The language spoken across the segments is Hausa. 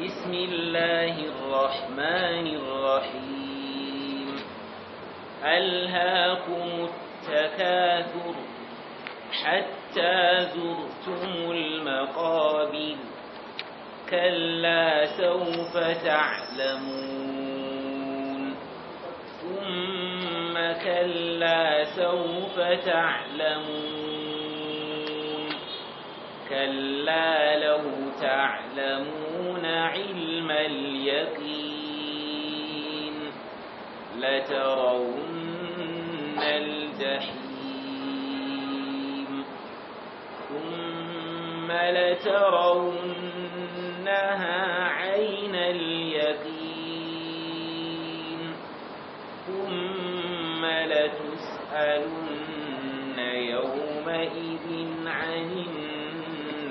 بسم الله الرحمن الرحيم ألهاكم التكاثر حتى زرتم المقابر كلا سوف تعلمون ثم كلا سوف تعلمون كلا لو تعلمون علم اليقين لترون الجحيم ثم لترونها عين اليقين ثم لتسألن يومئذ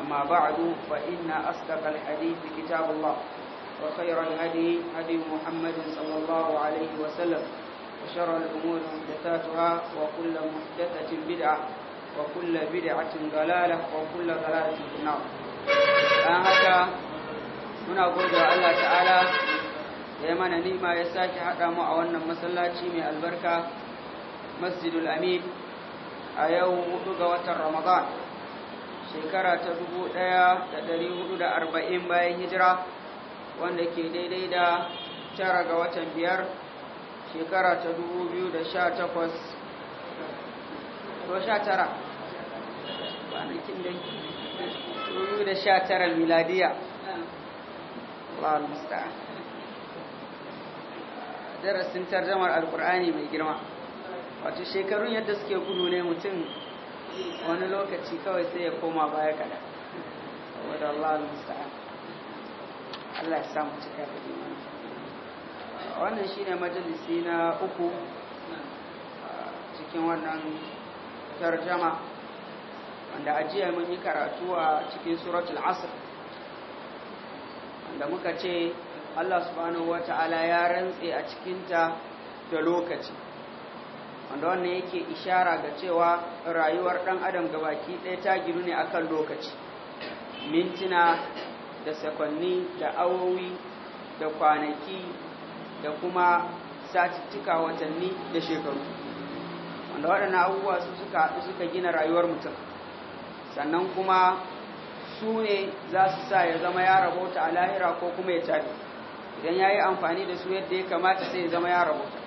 أما بعد فإن أصدق الحديث كتاب الله وخير الهدي هدي محمد صلى الله عليه وسلم وشر الأمور محدثاتها وكل محدثة بدعة وكل بدعة ضلالة وكل ضلالة في النار هكا هنا قول الله تعالى يا من نيما يساكي حقا مع وانا مسلاتي من البركة مسجد الأمين a yau hudu ga watan Ramadan shekara ta 1440 bayan hijira wanda ke daidai da tara ga watan biyar shekara ta 2018 ko 19 kwanakin dai 2019 miladiya Allah al-musta'an darasin tarjamar alkur'ani mai girma wato shekarun yadda suke gudu ne mutum wani lokaci kawai sai ya koma baya kada saboda Allah musta'an Allah ya samu cika da imani wannan shine majalisi na uku cikin wannan tarjama wanda ajiya mun yi karatu a cikin suratul asr wanda muka ce Allah subhanahu ta'ala ya rantse a cikinta da lokaci wanda wannan yake ishara ga cewa rayuwar ɗan adam gabaki ɗaya ta giru ne a kan lokaci mintuna da sakonni da awowi da kwanaki da kuma satittika watanni da shekaru wanda waɗannan abubuwa su suka haɗu suka gina rayuwar mutum sannan kuma su ne za su sa ya zama ya rabota a lahira ko kuma ya tafi idan ya yi amfani da su yadda ya kamata sai ya zama ya rabota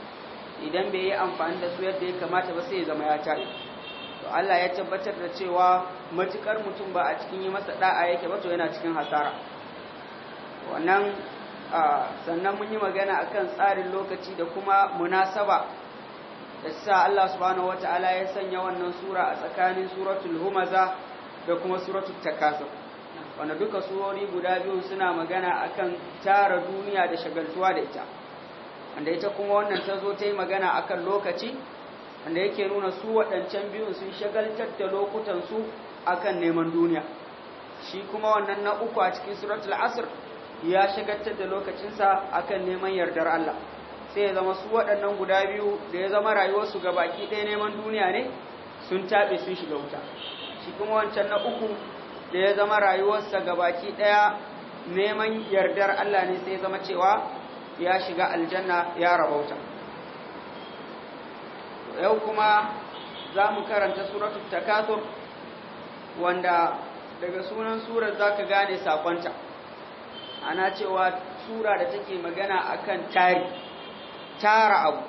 idan bai yi amfani da su yadda ya kamata ba sai ya zama ya taɓe to Allah ya tabbatar da cewa matukar mutum ba a cikin yi masa da'a yake ba to yana cikin hasara wannan sannan mun yi magana akan tsarin lokaci da kuma munasaba da sa Allah subhanahu wata'ala ya sanya wannan sura a tsakanin suratul humaza da kuma suratul takasur wanda duka surori guda biyu suna magana akan tara duniya da shagaltuwa da ita wanda ita kuma wannan ta zo ta yi magana akan lokaci wanda yake nuna su waɗancan biyun sun shagaltar da lokutansu akan neman duniya shi kuma wannan na uku a cikin suratul asir ya shagaltar da lokacinsa akan neman yardar Allah sai ya zama su waɗannan guda biyu da ya zama rayuwarsu ga baki ɗaya neman duniya ne sun taɓe sun shiga wuta shi kuma wancan na uku da ya zama rayuwarsa ga baki ɗaya neman yardar Allah ne sai ya zama cewa ya shiga aljanna ya rabauta yau kuma za mu karanta suratul takathur wanda daga sunan surar za ka gane sakonta ana cewa sura da take magana akan tari tara abu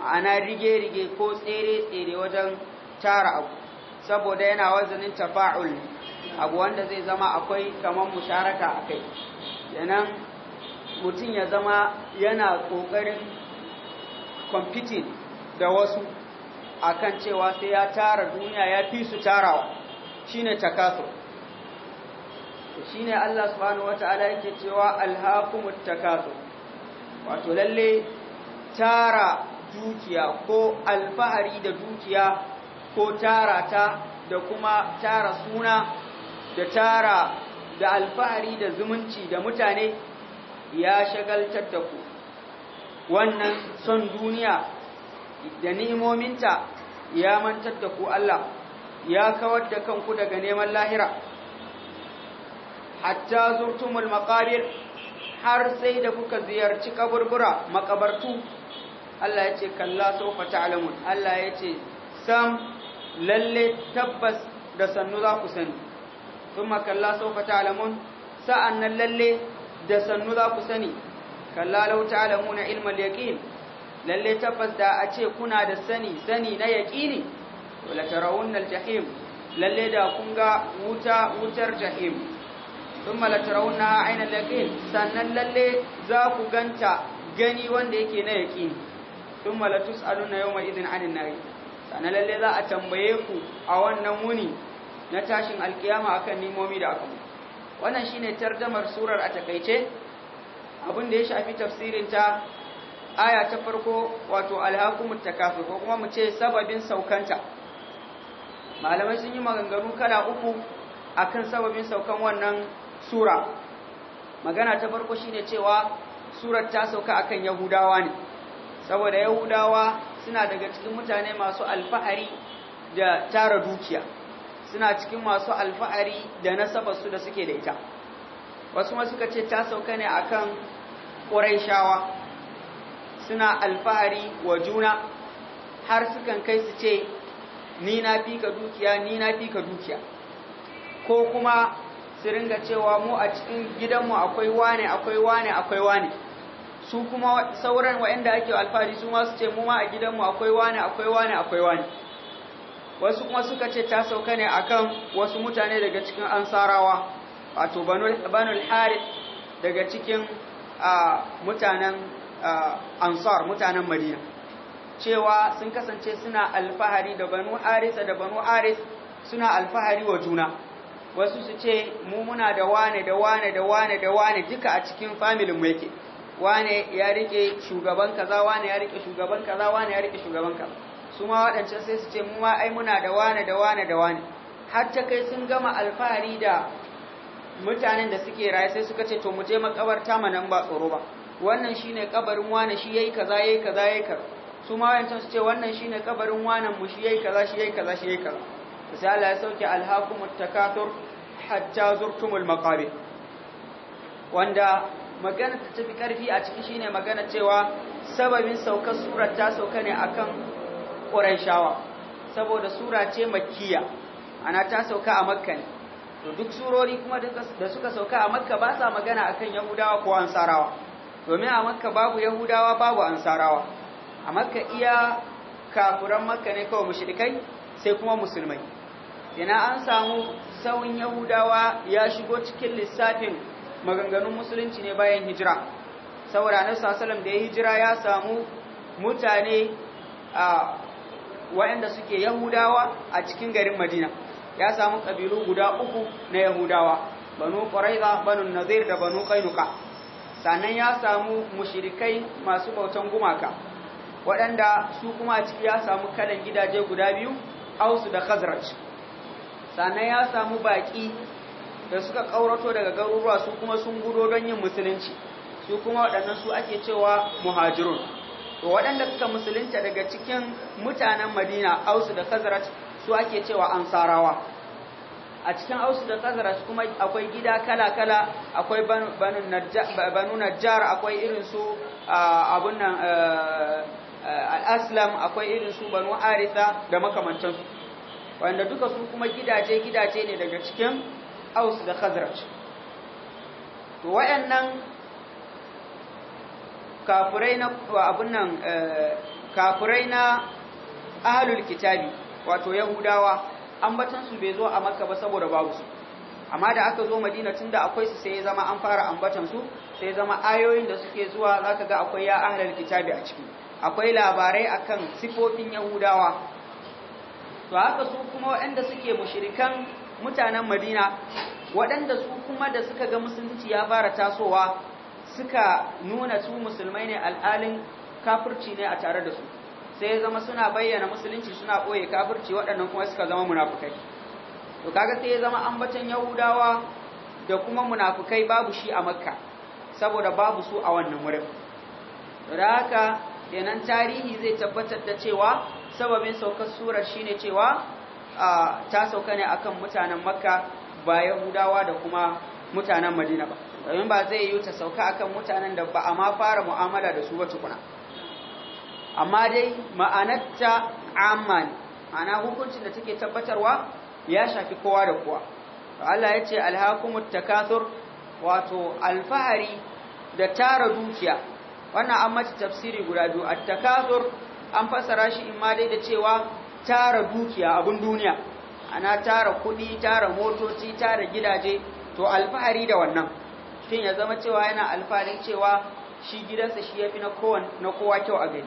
ma'ana rige-rige ko tsere-tsere wajen tara abu saboda yana wazanin tafa'ul abu wanda zai zama akwai kamar musharaka akai yanan mutum ya zama yana ƙoƙarin kwamfitin da wasu akan cewa sai ya tara duniya ya fi su tarawa shine shi ne Allah subhanahu ta'ala yake cewa alhaqumut takasur wato lalle tara dukiya ko alfahari da dukiya ko tara ta da kuma tara suna da tara da alfahari da zumunci da mutane ya shagaltar da ku wannan son duniya da ni'imominta ya mantar da ku Allah ya kawar da kanku daga neman lahira hatta zurtumul maqabir har sai da kuka ziyarci kaburbura makabartu Allah ya ce kalla sawfa ta'lamun Allah ya ce sam lalle tabbas da sannu za ku sani kuma kalla sawfa ta'lamun sa'annan lalle da sannu za ku sani kallalau ta'lamuna ilmal yaqin lalle tabbas da a ce kuna da sani sani na yaqini wala tarawunna al-jahim lalle da kun ga wuta wutar jahim thumma la tarawunna ayna al sannan lalle za ku ganta gani wanda yake na yaqini thumma la tus'aluna yawma idhin 'anil nar sannan lalle za a tambaye ku a wannan muni na tashin alkiyama akan nimomi da aka wannan shine tarjamar surar a takeice abin da ya shafi tafsirin ta aya ta farko wato alhaqumut takafi ko kuma mu ce sababin saukanta malamai sun yi maganganu kala uku akan sababin saukan wannan sura magana ta farko shine cewa surar ta sauka akan yahudawa ne saboda yahudawa suna daga cikin mutane masu alfahari da tara dukiya suna cikin masu alfa'ari da nasabarsu da suke da ita wasu masu suka ce ta sauka ne akan shawa. suna alfahari wa juna har sukan kai su ce ni na fi ka dukiya ni na fi ka dukiya ko kuma su ringa cewa mu a cikin gidanmu akwai wane akwai wane akwai wane su kuma sauran wa'anda ake alfahari su ma su ce mu ma a gidanmu akwai wane akwai wane akwai wane wasu kuma suka ce ta sauka ne akan wasu mutane daga cikin ansarawa wato banul harith daga cikin mutanen ansar mutanen madina cewa sun kasance suna alfahari da banu harisa da banu harith suna alfahari wa juna wasu su ce mu muna da wane da wane da wane da wane duka a cikin familin mu yake wane ya rike shugaban kaza wane ya rike shugaban kaza wane ya rike shugaban kaza su ma waɗancan sai su ce mu ma ai muna da wane da wane da wane har ta kai sun gama alfahari da mutanen da suke raye sai suka ce to mu je makabarta ma nan ba tsoro ba wannan shine kabarin wane shi yayi kaza yayi kaza yayi kaza su ma wayancan su ce wannan shine kabarin wanan mu shi yayi kaza shi yayi kaza shi yayi kaza sai Allah ya sauke alhaqumut takathur hatta zurtumul maqabir wanda magana ta tafi karfi a ciki shine magana cewa sababin saukar surar ta sauka ne akan shawa saboda sura ce makkiya ana ta sauka a makka ne to duk surori kuma da suka sauka a makka ba sa magana akan yahudawa ko ansarawa domin a makka babu yahudawa babu ansarawa a makka iya kafuran makka ne kawai mushrikai sai kuma musulmai ina an samu sauyin yahudawa ya shigo cikin lissafin maganganun musulunci ne bayan hijira saboda annabi sallallahu alaihi wasallam da ya hijira ya samu mutane a waɗanda suke yahudawa a cikin garin madina ya samu ƙabilu guda uku na yahudawa banu ƙwaraiza banu Nadir da banu Qainuka sannan ya samu mushirikai masu bautan gumaka waɗanda su kuma ciki ya samu kalan gidaje guda biyu ausu da khazraj sannan ya samu baƙi da suka ƙaurato daga garuruwa su kuma sun gudo don yin musulunci su kuma waɗannan su ake cewa muhajirun to waɗanda suka musulunta daga cikin mutanen Madina Ausu da Khazraj su ake cewa Ansarawa a cikin Ausu da Khazraj kuma akwai gida kala-kala akwai banu banu Najjar akwai irin su abun nan al-Aslam akwai irin su banu Aritha da makamantansu wanda duka su kuma gidaje gidaje ne daga cikin Aus da Khazraj to wayannan kafurai na abun nan eh, kafurai na ahlul kitabi wato yahudawa ambatan su bai zo a makka ba saboda babu su amma da aka zo madina tunda akwai su sai ya zama an fara ambatan su sai zama ayoyin da suke zuwa zaka ga akwai ya ahlul kitabi a ciki akwai labarai akan sifofin yahudawa to haka su kuma waɗanda suke mushrikan mutanen madina waɗanda su kuma da suka ga musulunci ya fara tasowa suka nuna su musulmai ne al'alin kafirci ne a tare da su sai zama suna bayyana musulunci suna ɓoye kafirci waɗannan kuma suka zama munafukai to kaga sai zama ambaton yahudawa da kuma munafukai babu shi a makka saboda babu su a wannan wurin da haka kenan tarihi zai tabbatar da cewa sababin saukar surar shine cewa ta sauka ne akan mutanen makka ba yahudawa da kuma mutanen madina ba domin ba zai yi ta sauka a kan mutanen da ba a ma fara mu'amala da su ba tukuna amma dai ma'anarta amma ne ana hukuncin da take tabbatarwa ya shafi kowa da kowa Allah ya ce alhakumut takathur wato alfahari da tara dukiya wannan an mace tafsiri guda biyu at-takathur an fassara shi imma dai da cewa tara dukiya abun duniya ana tara kuɗi, tara motoci tara gidaje to alfahari da wannan mutum ya zama cewa yana alfaharin cewa shi gidansa shi ya fi na kowa kyau a gari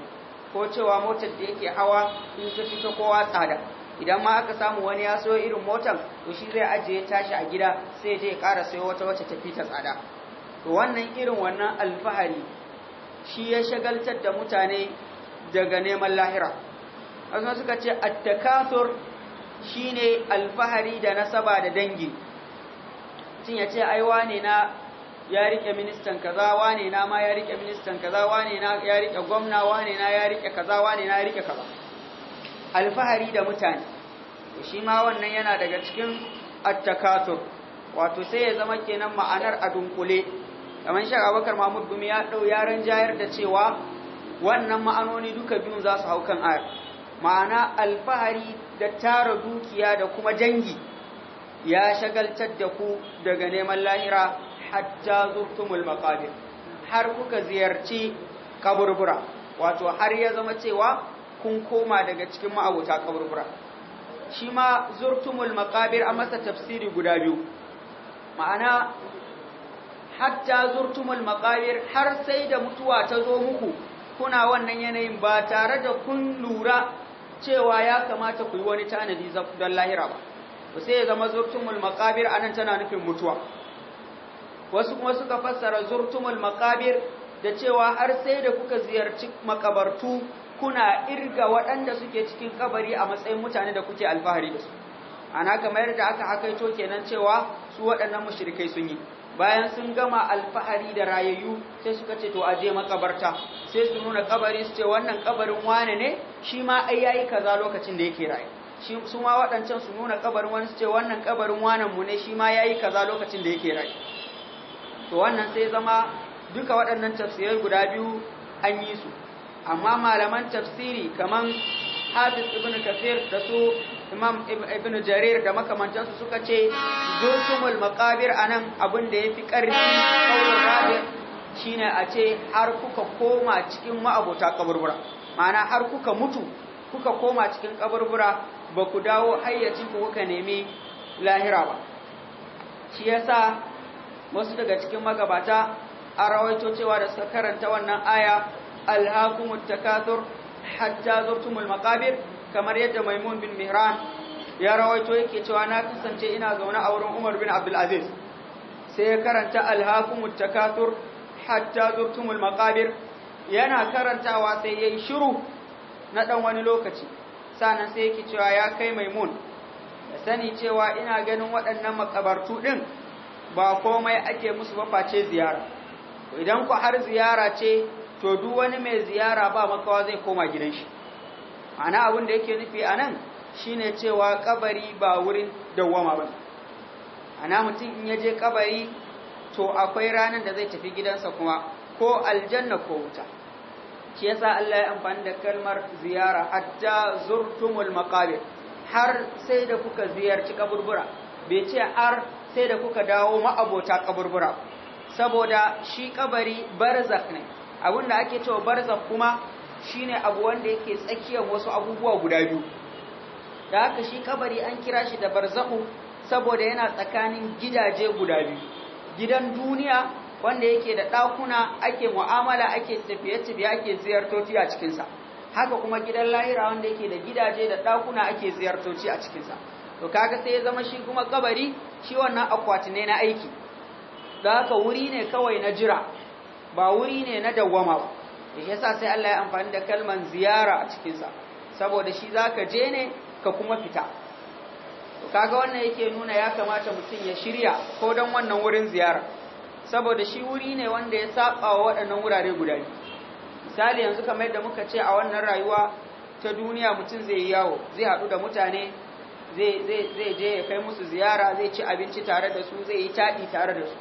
ko cewa motar da yake hawa in ta fi ta kowa tsada idan ma aka samu wani ya sayo irin motar to shi zai ajiye tashi a gida sai dai kara sayo wata wacce fi ta tsada to wannan irin wannan alfahari shi ya shagaltar da mutane daga neman lahira wasu suka ce attakathur shine alfahari da nasaba da dangi tun ya ce aiwa ne na ya rike ministan kaza wane na ma ya rike ministan kaza wane na ya rike gwamna wane na ya rike kaza wane na ya rike kaza alfahari da mutane shi ma wannan yana daga cikin attakatur wato sai ya zama kenan ma'anar a dunkule kamar shi abubakar mahmud gumi ya dau yaran jayar da cewa wannan ma'anoni duka biyun za su hau kan ayar ma'ana alfahari da tara dukiya da kuma dangi ya shagaltar da ku daga neman lahira hatta zurtumul maqabir har kuka ziyarci kaburbura wato har ya zama cewa kun koma daga cikin ma'abuta kaburbura shi ma zurtumul maqabir a masa tafsiri guda biyu ma'ana hatta zurtumul maqabir har sai da mutuwa ta zo muku kuna wannan yanayin ba tare da kun lura cewa ya kamata ku yi wani tanadi don lahira ba sai ya zama zurtumul maqabir anan tana nufin mutuwa wasu kuma suka fassara zurtumul maqabir da cewa har sai da kuka ziyarci makabartu kuna irga waɗanda suke cikin kabari a matsayin mutane da kuke alfahari da su ana kamar da aka hakaito kenan cewa su waɗannan mushrikai sun yi bayan sun gama alfahari da rayayyu sai suka ce to a je makabarta sai su nuna kabari su ce wannan kabarin wane ne shi ma ai yayi kaza lokacin da yake raye shi su ma waɗancan su nuna kabarin wani su ce wannan kabarin wanan mu ne shi ma yayi kaza lokacin da yake raye to wannan sai zama duka waɗannan tafsirai guda biyu an yi su amma malaman tafsiri kaman Hafiz ibn Kathir da su Imam ibn Jarir da makamantansu suka ce zulsumul maqabir anan abin da yafi ƙarfi kawai rabi shine a ce har kuka koma cikin ma'abota kaburbura ma'ana har kuka mutu kuka koma cikin kaburbura ba ku dawo hayyacin ku kuka nemi lahira ba shi yasa wasu daga cikin magabata a rawaito cewa da suka karanta wannan aya alhaqumut takathur hatta zurtumul maqabir kamar yadda maimun bin mihran ya rawaito yake cewa na kasance ina zaune a wurin umar bin abdul aziz sai ya karanta alhaqumut takathur hatta zurtumul maqabir yana karantawa sai yayi shiru na dan wani lokaci sannan sai yake cewa ya kai maimun sani cewa ina ganin waɗannan makabartu din ba komai ake musu ba face ziyara idan ku har ziyara ce to duk wani mai ziyara ba makawa zai koma gidan shi ana abin da yake nufi anan shine cewa kabari ba wurin dawwama ba ana mutum in je kabari to akwai ranar da zai tafi gidansa kuma ko aljanna ko wuta shi yasa Allah ya amfani da kalmar ziyara hatta zurtumul maqabir har sai da kuka ziyarci kaburbura bai ce ar sai da kuka dawo ma'abota kaburbura saboda shi kabari barzakh ne abinda ake cewa barzakh kuma shine abu wanda yake tsakiyar wasu abubuwa guda biyu da haka shi kabari an kira shi da barzakhu saboda yana tsakanin gidaje guda biyu gidan duniya wanda yake da ɗakuna ake mu'amala ake tafiye-tafiye ake ziyartoci a cikinsa haka kuma gidan lahira wanda yake da gidaje da ɗakuna ake ziyartoci a cikinsa to kaga sai ya zama shi kuma kabari shi wannan akwati ne na aiki don haka wuri ne kawai na jira ba wuri ne na dawwama ba yasa sai Allah ya amfani da kalman ziyara a cikin sa saboda shi zaka je ne ka kuma fita to kaga wannan yake nuna ya kamata mutum ya shirya ko dan wannan wurin ziyara saboda shi wuri ne wanda ya saba wa waɗannan wurare guda misali yanzu kamar yadda muka ce a wannan rayuwa ta duniya mutum zai yi yawo zai haɗu da mutane zai je ya kai musu ziyara zai ci abinci tare da su zai yi taɗi tare da su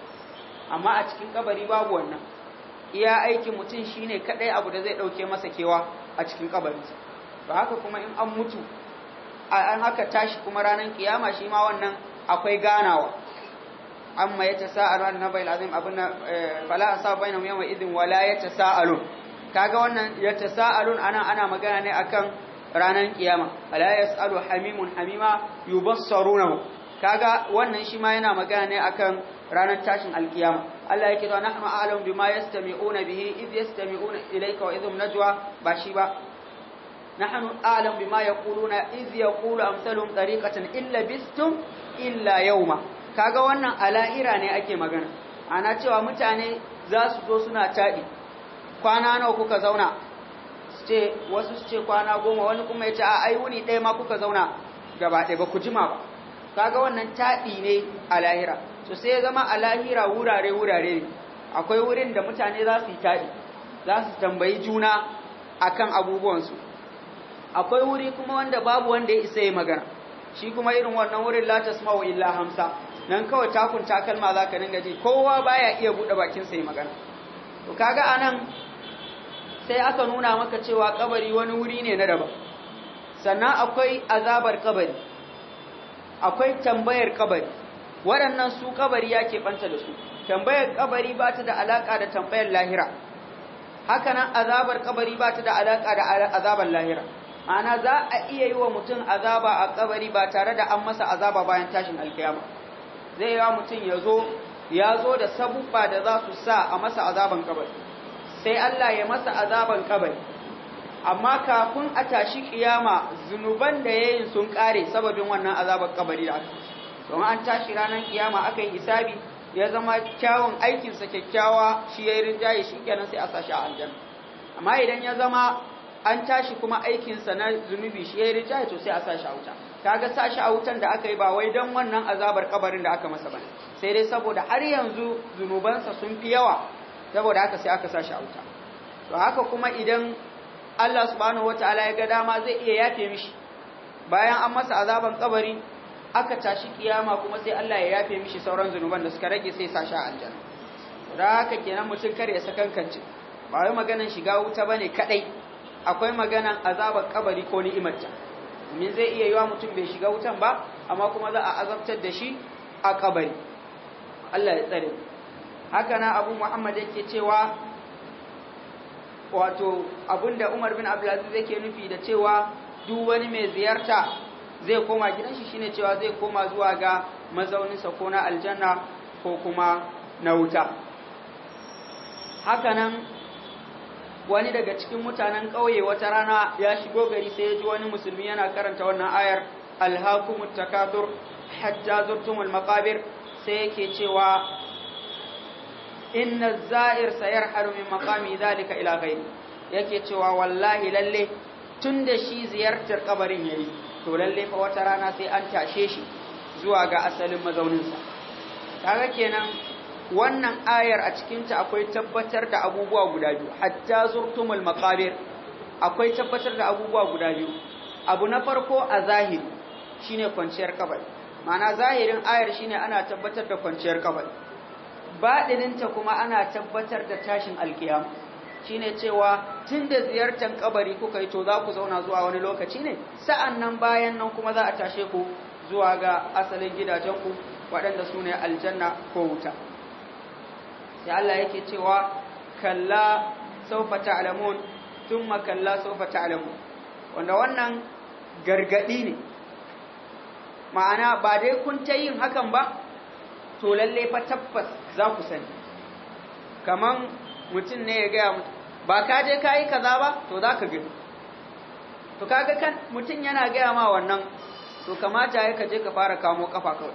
amma a cikin kabari babu wannan iya aikin mutum shine kaɗai abu da zai ɗauke masa kewa a cikin kabarinsa Ba haka kuma in an mutu an haka tashi kuma ranar kiyama shi ma wannan akwai ganawa amma ya tasa'alu na bai lazim abin na eh, fala asa bayan yawma idin wala ya Ta kaga wannan ya ta ana ana magana ne akan Ranan kiyama ala yasalu hamimun hamima yubassarunahu kaga wannan shi ma yana magana ne akan ranar tashin alkiyama Allah yake cewa nahnu a'lamu bima yastami'una bihi id yastami'una ilayka wa idhum najwa ba shi ba nahnu a'lamu bima yaquluna id yaqulu amsalum tariqatan illa bistum illa yawma kaga wannan ala'ira ne ake magana ana cewa mutane za su zo suna tadi kwana nawa kuka zauna ce wasu ce kwana goma wani kuma ya ce a ai ɗaya ma kuka zauna gaba ɗaya ba ku jima ba kaga wannan taɗi ne a lahira Su sai ya zama a lahira wurare wurare ne akwai wurin da mutane za su yi taɗi za su tambayi juna a kan abubuwansu akwai wuri kuma wanda babu wanda ya isa yi magana shi kuma irin wannan wurin la tasma'u illa hamsa nan kawai takun takalma ka dinga ji kowa baya iya buɗe bakin ya yi magana to kaga anan sai aka nuna maka cewa kabari wani wuri ne na daban sannan akwai azabar kabari akwai tambayar kabari waɗannan su kabari ya keɓanta da su tambayar kabari ba ta da alaƙa da tambayar lahira hakanan azabar kabari ba ta da alaƙa da azabar lahira ana za a iya yi wa mutum azaba a kabari ba tare da an masa azaba bayan tashin alkiyama zai yi wa mutum ya zo ya zo da sabubba da za su sa a masa azaban kabari sai Allah ya masa azaban kabari amma kafin a tashi kiyama zunuban da yayin sun kare sababin wannan azaban kabari da aka don an tashi ranar kiyama aka yi hisabi ya zama kyawun aikinsa kyakkyawa shi ya yi rinjaye shi kenan sai a sashi a aljanna amma idan ya zama an tashi kuma aikinsa na zunubi shi ya yi rinjaye to sai a sashi a wuta kaga sashi a wutan da aka yi ba wai dan wannan azabar kabarin da aka masa ba sai dai saboda har yanzu zunubansa sun fi yawa saboda haka sai aka sashi a wuta to haka kuma idan Allah subhanahu wataala ya ga dama zai iya yafe mishi bayan an masa azaban kabari aka tashi kiyama kuma sai Allah ya yafe mishi sauran zunuban da suka rage sai sashi a aljanna da haka kenan mutum kar ya sakankance ba wai maganan shiga wuta bane kadai akwai maganan azaban kabari ko ni'imarta min zai iya yiwa mutum bai shiga wutan ba amma kuma za a azabtar da shi a kabari Allah ya tsare mu haka na abu muhammad yake cewa wato abinda umar bin abdulaziz yake nufi da cewa duk wani mai ziyarta zai koma gidan shi shine cewa zai koma zuwa ga mazauninsa ko na aljanna ko kuma na wuta hakanan wani daga cikin mutanen ƙauye wata rana ya shigo gari sai ya ji wani musulmi yana karanta wannan ayar alhakumut takathur hatta zurtumul maqabir sai yake cewa inna za'ir sayarharu min maqami zalika ila ghairi yake cewa wallahi lalle tunda shi ziyartar kabarin yayi to lalle fa wata rana sai an tashe shi zuwa ga asalin mazauninsa kaga kenan wannan ayar a cikin ta akwai tabbatar da abubuwa guda biyu hatta zurtumul maqabir akwai tabbatar da abubuwa guda biyu abu na farko a zahiri shine kwanciyar kabari ma'ana zahirin ayar shine ana tabbatar da kwanciyar kabari baɗininta kuma ana tabbatar da tashin alkiyam shine cewa tunda ziyartar kabari kuka yi to za ku zauna zuwa wani lokaci ne sa'an nan bayan nan kuma za a tashe ku zuwa ga asalin gidajen gidajenku waɗanda su ne aljanna ko wuta sai Allah yake cewa kalla saufa ta'lamun thumma kalla saufa ta'lamun wanda wannan gargadi ne ma'ana ba dai kun ta yin hakan ba to lallai fa tabbas za ku sani kaman mutum ne ya gaya ba ka je ka yi kaza ba to za ka gani to kaga kan mutum yana gaya ma wannan to kamata ya ka ka fara kamo kafa kawai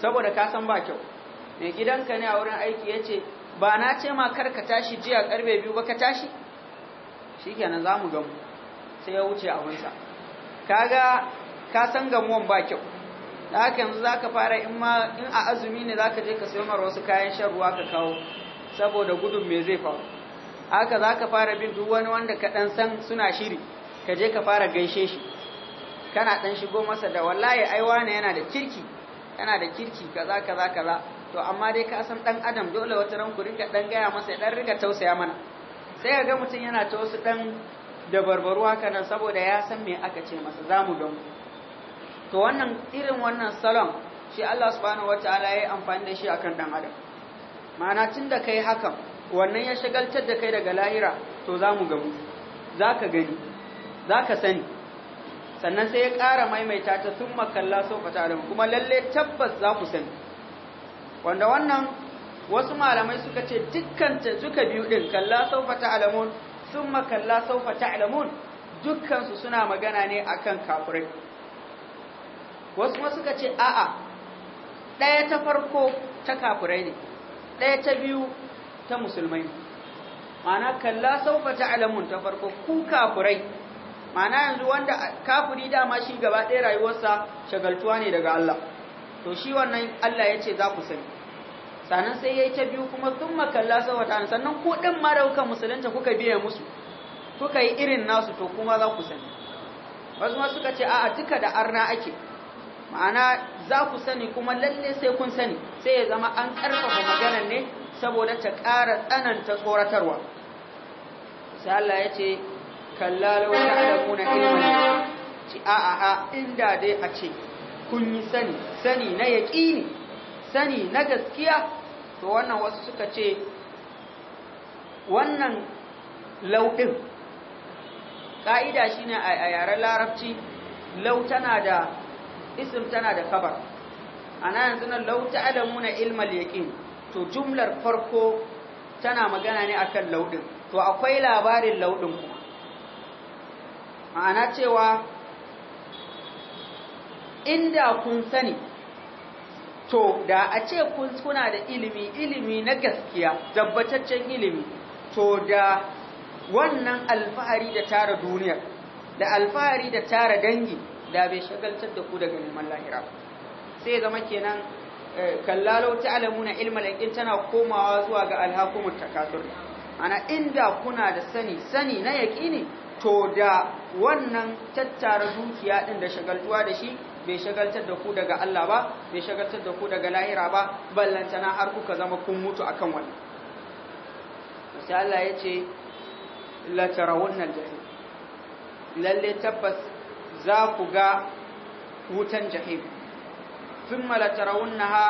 saboda ka san ba kyau mai gidanka ne a wurin aiki ya ce ba na ce ma kar ka tashi jiya karbe biyu ba ka tashi shikenan za mu gamu sai ya wuce abinsa kaga ka san gamuwan ba kyau da haka yanzu za ka fara in a azumi ne za ka je ka sayo mara wasu kayan shan ruwa ka kawo saboda gudun mai zai faru haka za ka fara bin duk wani wanda ka ɗan san suna shiri ka je ka fara gaishe shi kana ɗan shigo masa da wallahi aiwa ne yana da kirki yana da kirki kaza kaza kaza to amma dai ka san ɗan adam dole wata ran ku rinka ɗan gaya masa ya ɗan rinka tausaya mana sai ka ga mutum yana ta wasu ɗan dabarbaru haka nan saboda ya san me aka ce masa za mu gamu to wannan irin wannan salon shi Allah subhanahu wataala yayi amfani da shi akan dan adam ma'ana tunda kai hakan wannan ya shagaltar da kai daga lahira to zamu gamu zaka gani zaka sani sannan sai ya ƙara maimaita ta sun makalla sau fata da kuma lalle tabbas za ku sani wanda wannan wasu malamai suka ce dukkan duka biyu ɗin kalla sau fata alamun sun makalla sau fata alamun dukkansu suna magana ne akan kafirai wasu wasu suka ce a'a ɗaya ta farko ta kafirai ne ɗaya ta biyu ta musulmai ne ma'ana kalla sau ba ta farko ku kafirai ma'ana yanzu wanda kafiri dama shi gaba ɗaya rayuwarsa shagaltuwa ne daga Allah to shi wannan Allah ya ce za ku sani sannan sai ya yi ta biyu kuma sun thumma kalla ta ta'lamun sannan ku ɗin ma da kuka musulunta kuka biya musu kuka yi irin nasu to kuma za ku sani wasu ma suka ce a'a duka da arna ake ma'ana za ku sani kuma lalle sai kun sani sai ya zama an ƙarfafa maganar ne saboda ta ƙara tsananta tsoratarwa sai ya ce kallalo ta Adamu na ci a a a inda dai a ce kun yi sani sani na yaƙini sani na gaskiya to wannan wasu suka ce wannan lauɗin ƙa'ida shine a yaren larabci lau tana da ism tana da khabar ana yanzu nan law ta'lamuna ilmal yaqin to jumlar farko tana magana ne akan laudin to akwai labarin laudin kuma ma'ana cewa inda kun sani to da a ce kun kuna da ilimi ilimi na gaskiya tabbataccen ilimi to da wannan alfahari da tara duniyar da alfahari da tara dangi da bai shagaltar da ku daga neman lahira sai zama kenan eh, kallalau ta'lamuna ilma laqin tana komawa zuwa ga alhakumun takasur ana inda kuna da sani sani na yaƙini to da wannan tattara dukiya din da shagaltuwa da shi bai shagaltar da ku daga Allah ba bai shagaltar da ku daga lahira ba tana har kuka zama kun mutu akan wannan sai Allah ya ce la tarawunna jahim lalle tabbas za ku ga wutan jahim thumma la tarawunnaha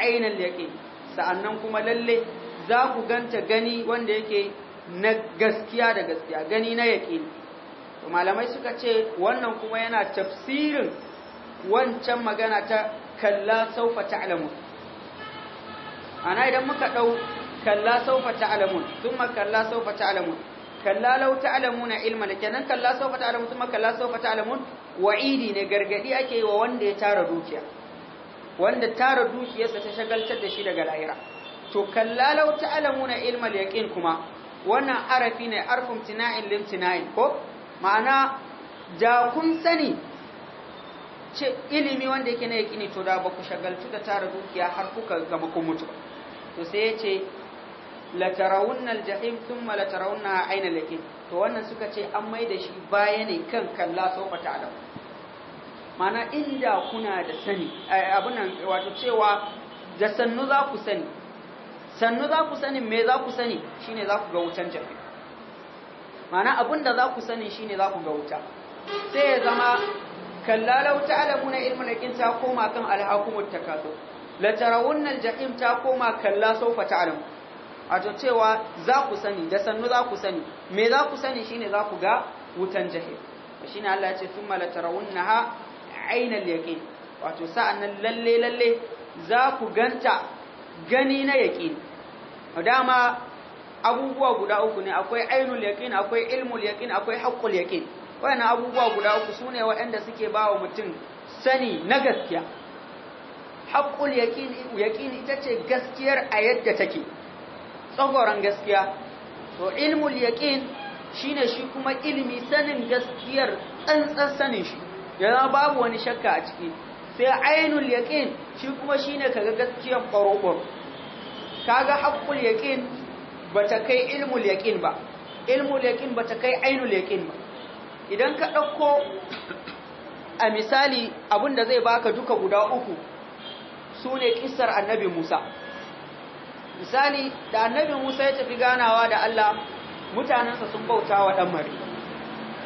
yake, sa'an sa'annan kuma lalle za ku ganta gani wanda yake na gaskiya da gaskiya gani na yake to malamai suka ce wannan kuma yana tafsirin wancan magana ta kalla saufa ta'lamun ana idan muka ɗau kalla saufa ta'lamun thumma kalla saufa ta'lamun kalla law ta'lamuna ilma da kalla sawfa ta'lamu kuma kalla sawfa ta'lamun wa'idi ne gargadi ake yi wa wanda ya tara dukiya wanda tara dukiyarsa ta shagaltar da shi daga lahira to kalla law ta'lamuna ilma yaqin kuma wannan arafi ne arfum tina'in lim tina'in ko ma'ana ja kun sani ce ilimi wanda yake na yaqini to da ba ku shagaltu da tara dukiya har kuka gama kun mutu to sai ya ce latarawunna aljahim thumma latarawunna ayna laqin to wannan suka ce an mai da shi baya ne kan kalla ta alamu. mana inda kuna da sani eh, nan wato cewa da sannu za ku sani sannu za ku sani me za ku sani shine za ku ga wutan jahim mana da za ku sani shine za ku ga wuta sai ya zama kalla law ta'lamuna ilmu yakin ta koma kan alhakumut takasu latarawunna jahim ta koma kalla ta alamu. a to cewa za ku sani da sannu za ku sani me za ku sani shine za ku ga wutan jahil shine Allah ya ce thumma latarawunnaha ainal yaqin wato sa'annan lalle lalle za ku ganta gani na yaqin dama abubuwa guda uku ne akwai aynul yaqin akwai ilmul yaqin akwai haqqul yaqin wannan abubuwa guda uku sune waɗanda suke bawa mutum sani na gaskiya haqqul yaqin yaqin ita ce gaskiyar a yadda take tsagoran gaskiya to ilmul yaqin shine shi kuma ilmi sanin gaskiyar tsantsan sanin shi yana babu wani shakka a ciki sai ainul yaqin shi kuma shine kaga gaskiyar qarobor kaga haqqul yaqin bata kai ilmul yaqin ba ilmul yaqin bata kai ainul yaqin ba idan ka dauko a misali abinda zai baka duka guda uku sune kissar annabi Musa misali da annabi Musa ya tafi ganawa da Allah mutanansa sun bauta wa dan mari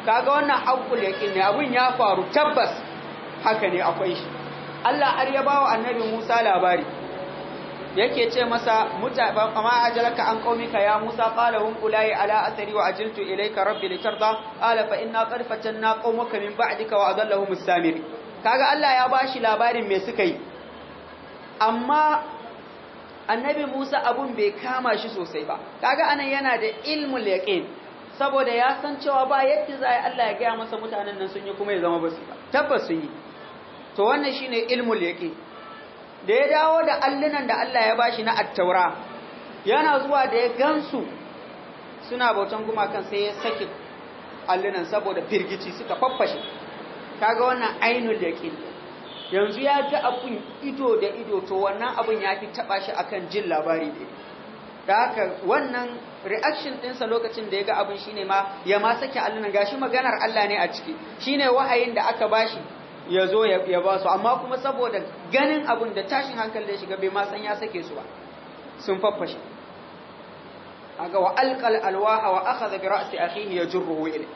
kaga wannan aqul yaqin ne abun ya faru tabbas haka ne akwai shi Allah har ya bawa annabi Musa labari yake ce masa muta ban kama ajalaka an qaumika ya Musa qala hum ulai ala athari wa ajiltu ilayka rabbi tarda ala fa inna qad fatanna qaumaka min ba'dika wa adallahum as-samiri kaga Allah ya bashi labarin me suka yi amma annabi Musa abun bai kama shi sosai ba kaga anan yana da ilmul yaqin saboda ya san cewa ba yadda za Allah ya gaya masa mutanen nan sun yi kuma ya zama ba tabbas sun yi to wannan shine ilmul yaqin da ya dawo da allunan da Allah ya bashi na at-taura yana zuwa da ya gansu suna bautan gumakan sai ya saki allunan saboda firgici suka faffashe kaga wannan ainul yaqin yanzu ya ga abun ido da ido to wannan abun ya fi taɓa shi akan jin labari ne da haka wannan reaction ɗinsa lokacin da ya ga abin shine ma ya ma sake ga gashi maganar Allah ne a ciki shine wa'ayin da aka bashi ya zo ya ba su amma kuma saboda ganin abin da tashin hankali da shiga bai ma san ya sake su ba sun faffashe aga wa alqal alwaha wa akhadha bi ra'si akhihi yajruhu ilayhi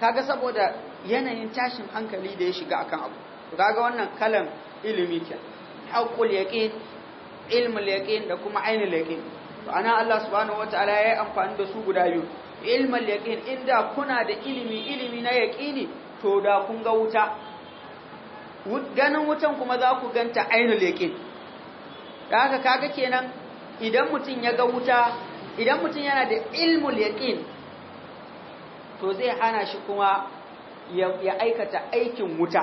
kaga saboda yanayin tashin hankali da ya shiga akan abu to kaga wannan kalan ilimi ke haqqul yaqin ilmul yaqin da kuma ainul yaqin to ana Allah subhanahu wataala yayi amfani da su guda biyu ilmul yaqin inda kuna da ilimi ilimi na yaqini to da kun ga wuta ganin wutan kuma za ku ganta ainul yaqin da kaga kenan idan mutun ya ga wuta idan mutun yana da ilmul yaqin to zai hana shi kuma ya aikata aikin wuta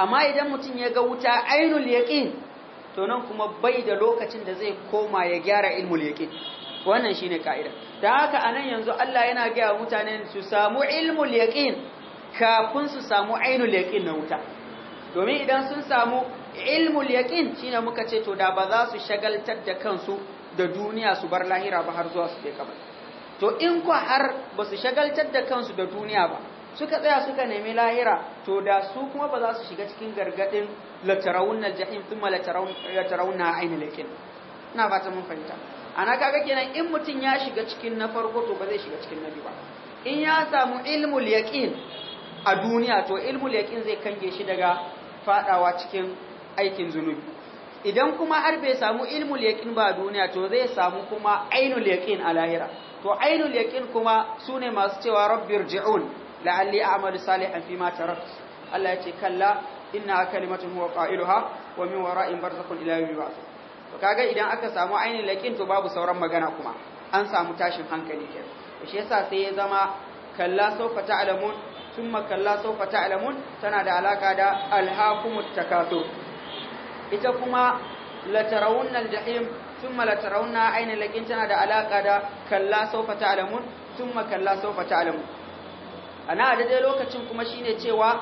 amma idan mutum ya ga wuta ainul yaqin to nan kuma bai da lokacin da zai koma ya gyara ilmul yaqin wannan shine kaida dan haka anan yanzu Allah yana ga mutane su samu ilmul yaqin kafin su samu ainul yaqin na wuta domin idan sun samu ilmul yaqin shine muka ce to da ba za su shagaltar da kansu da duniya su bar lahira ba har zuwa su je to in ko har ba su shagaltar da kansu da duniya ba suka tsaya suka nemi lahira to da su kuma ba za su shiga cikin gargadin latarawun jahim thumma na ainul lakin ina fata mun fahimta ana kaga kenan in mutun ya shiga cikin na farko to ba zai shiga cikin na biyu ba in ya samu ilmul yaqin a duniya to ilmul yaqin zai kange shi daga fadawa cikin aikin zunubi idan kuma har bai samu ilmul yaqin ba a duniya to zai samu kuma ainul yaqin a lahira to ainul yaqin kuma sune masu cewa rabbirji'un la'alli a'malu salihan fi ma tarakt Allah yace kalla inna kalimatun huwa qailuha wa min wara'in barzakhun ila yawmi ba'th to kaga idan aka samu ainin laqin to babu sauran magana kuma an samu tashin hankali kenan shi yasa sai ya zama kalla sawfa ta'lamun thumma kalla sawfa ta'lamun tana da alaka da alhaqumut takathur ita kuma la tarawunna al-jahim thumma la tarawunna ainin laqin tana da alaka da kalla sawfa ta'lamun thumma kalla sawfa ta'lamun ana a daidai lokacin kuma shine cewa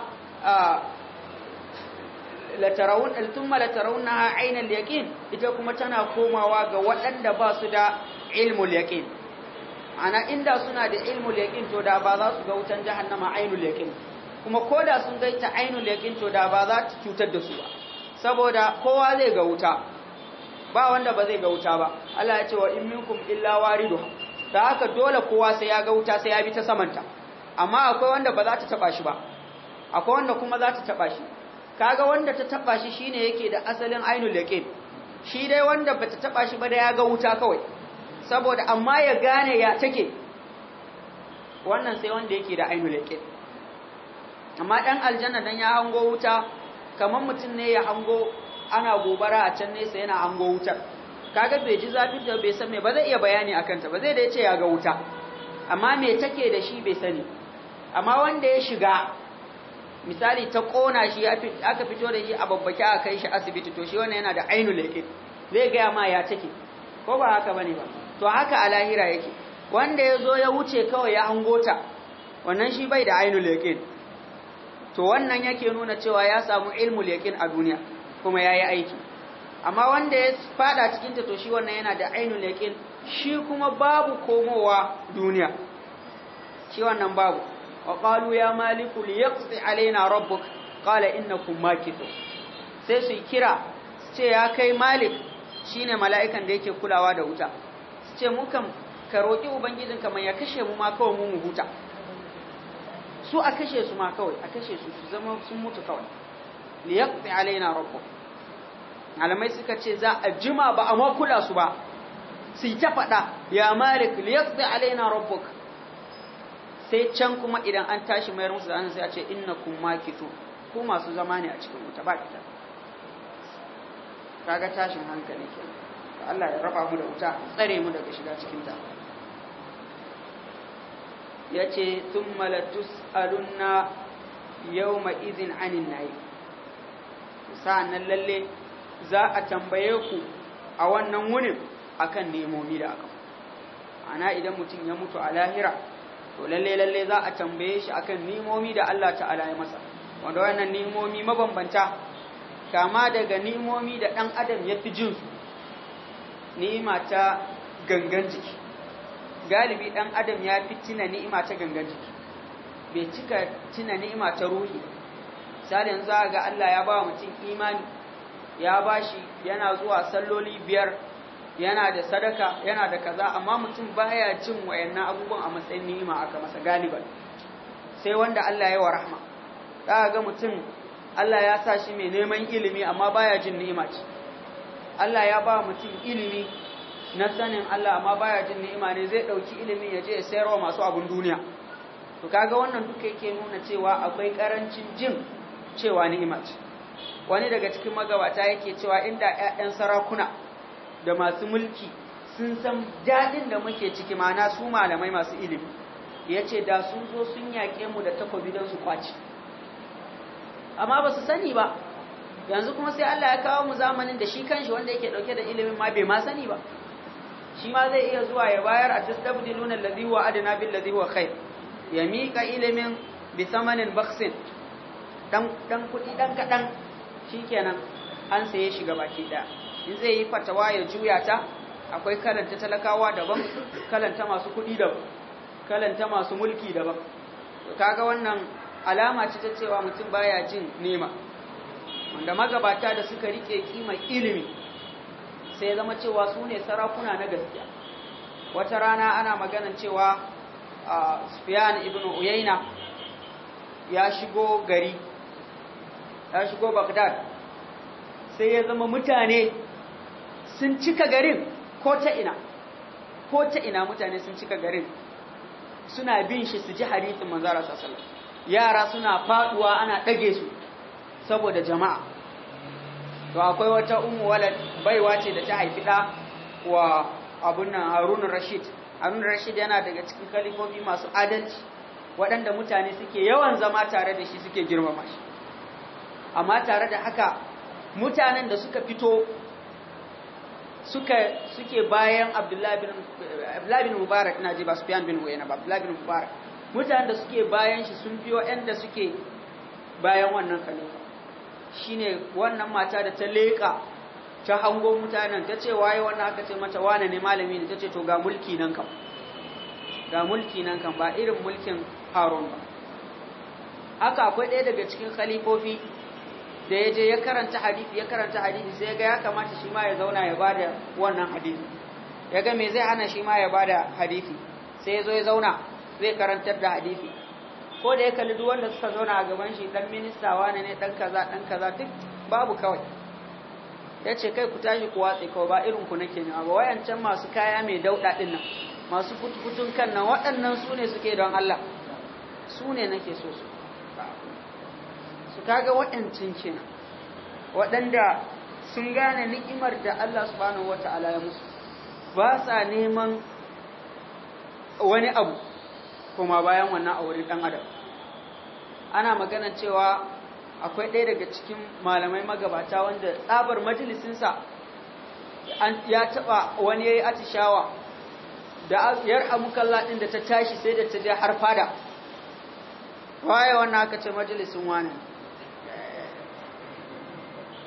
latarawun altumma na ainal yaqin ita kuma tana komawa ga waɗanda ba su da ilmul yaqin ana inda suna da ilmul yaqin to da ba za su ga wutan jahannama ainul yaqin kuma koda sun ta ainul yaqin to da ba za ta cutar da su ba saboda kowa zai ga wuta ba wanda ba zai ga wuta ba Allah ya ce wa in minkum illa waridu da haka dole kowa sai ya ga wuta sai ya bi ta samanta amma akwai wanda ba za ta taba shi ba akwai wanda kuma za ta taba shi kaga wanda ta taba shi shine yake da asalin ainul yaqin shi dai wanda ta taba shi ba da ya ga wuta kawai saboda amma ya gane ya take wannan sai wanda yake da ainul yaqin amma dan aljanna dan ya hango wuta kamar mutum ne ya hango ana gobara a can nesa yana hango wutar kaga bai ji zafin da bai san me ba zai iya bayani akan ta ba zai da yace ya ga wuta amma me take da shi bai sani amma wanda ya shiga misali ta kona shi aka fito da shi a babbake a kai shi asibiti to shi wannan yana da ainu leke zai gaya ma ya take ko ba haka bane ba to haka a lahira yake wanda ya zo ya wuce kawai ya hangota wannan shi bai da ainu leke to wannan yake nuna cewa ya samu ilmu leke a duniya kuma ya yi aiki amma wanda ya fada cikinta to shi wannan yana da ainu leke shi kuma babu komowa duniya shi wannan babu وقالوا يا مالك ليقضي علينا ربك قال انكم ماكثون sai su kira su ce ya kai malik shine mala'ikan da yake kulawa da wuta su ce kan ka roƙi ubangijin kamar ya kashe mu ma kawai mu mu huta su a kashe su ma kawai a kashe su su zama sun mutu kawai li yaqti alaina rabbuk malamai suka ce za a jima ba a makula su ba su ta faɗa ya malik li yaqti alaina rabbuk sai can kuma idan an tashi mayar musu da sai a ce kun makitu ku masu zama ne a cikin wuta ba Ta ga tashin hankali kenan Allah ya raba mu da wuta tsare mu daga shiga cikin ta yace thumma izin anin na yi. nayi sa'annan lalle za a tambaye ku a wannan wunin akan nemomi da aka ana idan mutum ya mutu a lahira to lalle lalle za a tambaye shi akan nimomi da Allah ta'ala ya masa wanda wannan nimomi mabambanta kama daga nimomi da dan adam ya fi jin su ni'ima ta gangan jiki galibi dan adam ya fi tuna ni'ima ta gangan jiki bai cika tuna ni'ima ta ruhi sai yanzu ga Allah ya ba mutum imani ya bashi yana zuwa salloli biyar yana da sadaka yana da kaza amma mutum baya cin wayannan abubuwan a matsayin ni'ima aka masa galiban sai wanda Allah ya wa rahma zaka ga mutum Allah ya sa shi mai neman ilimi amma baya jin ni'ima ce Allah ya ba mutum ilimi na sanin Allah amma baya jin ni'ima ne zai dauki ilimin ya je ya wa masu abun duniya to kaga wannan duka yake nuna cewa akwai karancin jin cewa ni'ima ce wani daga cikin magabata yake cewa inda ƴaƴan sarakuna da masu mulki sun san daɗin da muke ciki mana su malamai masu ilimi ya ce da sun zo sun yaƙe mu da takobi don su kwaci amma ba su sani ba yanzu kuma sai Allah ya kawo mu zamanin da shi kanshi wanda yake dauke da ilimin ma bai ma sani ba shi ma zai iya zuwa ya bayar a tastabdiluna alladhi huwa adna bil ladhi huwa khair ya mika ilimin bi samanin baksin dan dan kudi dan kadan shikenan an saye shi baki daya in zai yi fatawa ya juya ta akwai kalanta talakawa daban kalanta masu kuɗi daban kalanta masu mulki daban kaga wannan alama ce ta cewa mutum baya jin nema wanda magabata da suka rike kima ilimi sai zama cewa su ne sarakuna na gaskiya wata rana ana maganan cewa sufiyan ibn uyaina ya shigo gari ya shigo bagdad sai ya zama mutane sun cika garin ko ta ina ko ta ina mutane sun cika garin suna bin shi su ji hadisin manzara sallallahu yara suna faduwa ana dage su saboda jama'a to akwai wata ummu walad baiwa ce da ta haifi da wa abun nan Harun Rashid Harun Rashid yana daga cikin kalifofi masu adalci waɗanda mutane suke yawan zama tare da shi suke girmama shi amma tare da haka mutanen da suka fito suka suke bayan Abdullahi bin Abdullah bin Mubarak ina ji ba Sufyan bin Uyayna ba Abdullahi bin Mubarak mutanen da suke bayan shi sun biyo da suke bayan wannan khalifa shine wannan mata da ta leka ta hango mutanen ta ce waye wannan aka ce mata wane ne malami ne ta ce to ga mulki nan kam ga mulki nan kam ba irin mulkin Harun ba haka akwai ɗaya daga cikin khalifofi da ya je ya karanta hadisi ya karanta hadisi sai ya ga ya kamata shi ma ya zauna ya bada wannan hadisi ya ga me zai hana shi ma ya bada hadisi sai ya zo ya zauna zai karantar da hadisi ko da ya kalli duk wanda suka zauna a gaban shi dan minista wane ne dan kaza dan kaza duk babu kawai ya ce kai ku tashi ku watse kawai ba irin ku nake ne ba wayancan masu kaya mai dauda din nan masu kutukutun kan nan waɗannan su ne suke don Allah su ne nake so su su kaga waɗancan kenan waɗanda sun gane ni'imar da Allah subhanahu wata'ala ya musu ba sa neman wani abu kuma bayan wannan a wurin ɗan adam ana magana cewa akwai ɗaya daga cikin malamai magabata wanda tsabar majalisinsa ya taɓa wani ya yi atishawa da yar amukalla ɗin da ta tashi sai da ta je har fada waye wannan aka ce majalisin wani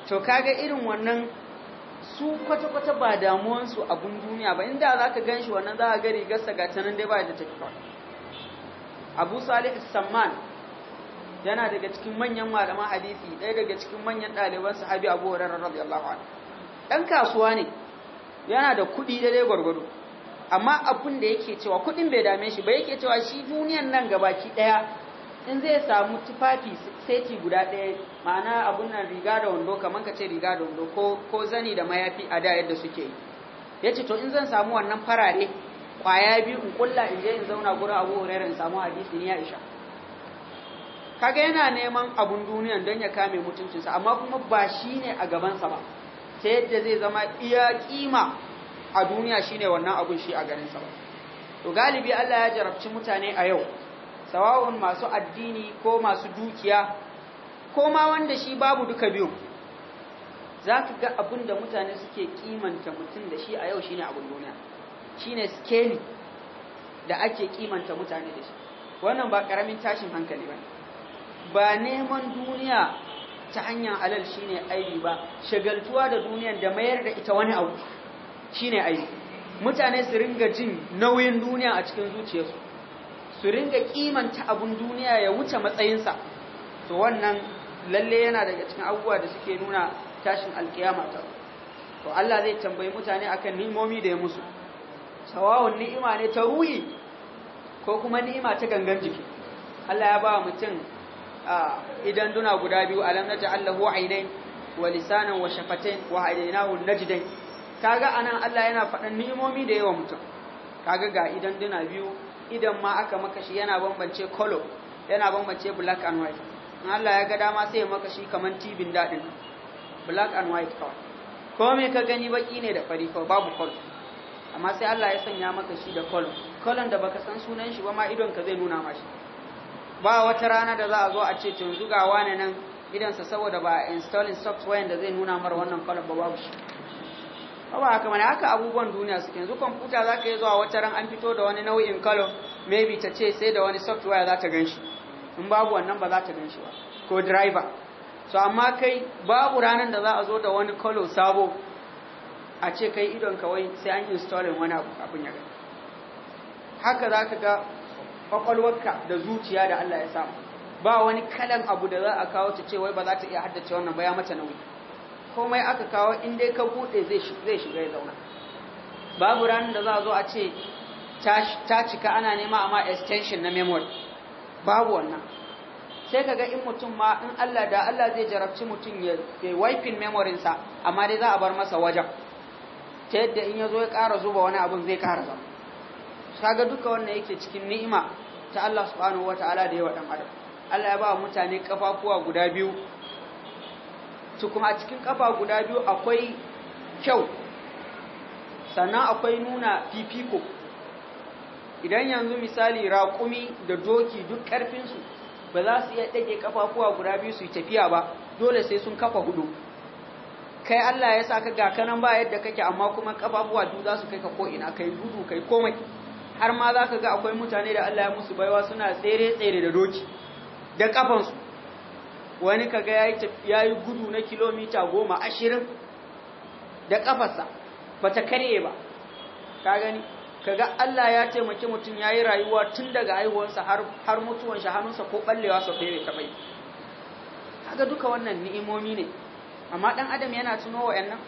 to kaga irin wannan su kwata-kwata ba damuwansu abun duniya ba inda za ka gan shi wannan za a ga gasa ga tanan dai ba da tafiya abu salih samman yana daga cikin manyan malaman hadisi ɗaya daga cikin manyan ɗaliban sahabi abu hurairah radiyallahu anhu ɗan kasuwa ne yana da kuɗi dai-dai gwargwado amma abin da yake cewa kuɗin bai dame shi ba yake cewa shi duniyan nan gabaki ɗaya in zai samu tufafi seti guda ɗaya ma'ana abun nan riga da wando kamar ka ce riga da wando ko ko zani da mayafi a da yadda suke yi Ya ce to in zan samu wannan farare kwaya biyu in kulla in je in zauna gurin Abu Hurairah in samu hadisi ni Aisha kaga yana neman abun duniyan don ya kame mutuncinsa amma kuma ba shi ne a gabansa ba ta yadda zai zama iya kima a duniya shine wannan abun shi a garinsa ba to galibi Allah ya jarabci mutane a yau sawa'un masu addini ko masu dukiya ko ma wanda shi babu duka biyu za ka ga abin da mutane suke kimanta mutum da shi a yau shine abin duniya shine skeli da ake kimanta mutane da shi wannan ba karamin tashin hankali ba ba neman duniya ta hanyar alal shine aibi ba shagaltuwa da duniyar da mayar da ita wani abu shine aibi mutane su ringa jin nauyin duniya a cikin zuciyarsu su ringa kimanta abun duniya ya wuce matsayinsa to wannan lalle yana daga cikin abubuwa da suke nuna tashin alkiyama ta to Allah zai tambayi mutane akan ni'imomi da ya musu sawawun ni'ima ne ta ruhi ko kuma ni'ima ta gangan jiki Allah ya ba mutum idan duna guda biyu alam naj'al lahu aynayn wa lisanan wa shafatain wa hadainahu najdain kaga anan Allah yana faɗan ni'imomi da yawa mutum kaga ga idan duna biyu idan ma aka maka shi yana bambance kolo yana bambance black and white in Allah ya ga dama sai ya maka shi kaman tibin dadin black and white kawai ko me ka gani baki ne da fari kawai babu kolo. amma sai Allah ya sanya maka shi da kolo. kolon da baka san sunan shi ba ma idon ka zai nuna mashi. ba wata rana da za a zo a ce to yanzu ga wani nan sa saboda ba installing software da zai nuna mar wannan kolon ba babu shi ba haka mana haka abubuwan duniya suke yanzu kwamfuta za ka yi zuwa wata ran an fito da wani nau'in kalon maybe ta ce sai da wani software za ta gan shi in babu wannan ba za ta gan shi ba ko driver so amma kai babu ranar da za a zo da wani kalo sabo a ce kai idon kawai sai an installin wani abu ya gani haka za ka ga kwakwalwarka da zuciya da Allah ya samu ba wani kalan abu da za a kawo ta ce wai ba za ta iya haddace wannan ba ya mata nauyi komai aka kawo inda dai ka bude zai shiga ya zauna babu ranar da za a zo a ce ta cika ana nema amma extension na memory babu wannan sai ka ga in mutum ma in Allah da Allah zai jarabci mutum ya wiping memory sa amma dai za a bar masa wajen ta yadda in ya zo ya kara zuba wani abun zai ƙara zama ga duka wannan yake cikin ni'ima ta Allah subhanahu ta'ala da yawa dan adam Allah ya ba mutane kafafuwa guda biyu su a cikin kafa guda biyu akwai kyau sannan akwai nuna fifiko idan yanzu misali raƙumi da doki duk ƙarfinsu ba za su iya ɗage kafafuwa guda biyu su yi tafiya ba dole sai sun kafa hudu kai Allah ya sa ka ga kanan ba yadda kake amma kuma kafafuwa duk za su kai ka ko ina kai gudu kai komai har ma za ka ga akwai mutane da Allah ya musu baiwa suna tsere tsere da doki da kafansu wani kaga ya yi gudu na kilomita goma ashirin da ƙafasa ba ta karye ba ka gani kaga Allah ya taimaki mutum ya yi rayuwa tun daga haihuwarsa har mutuwan shahanunsa ko ɓallewa sa bai ta bai kaga duka wannan ni'imomi ne amma ɗan adam yana tuno yannan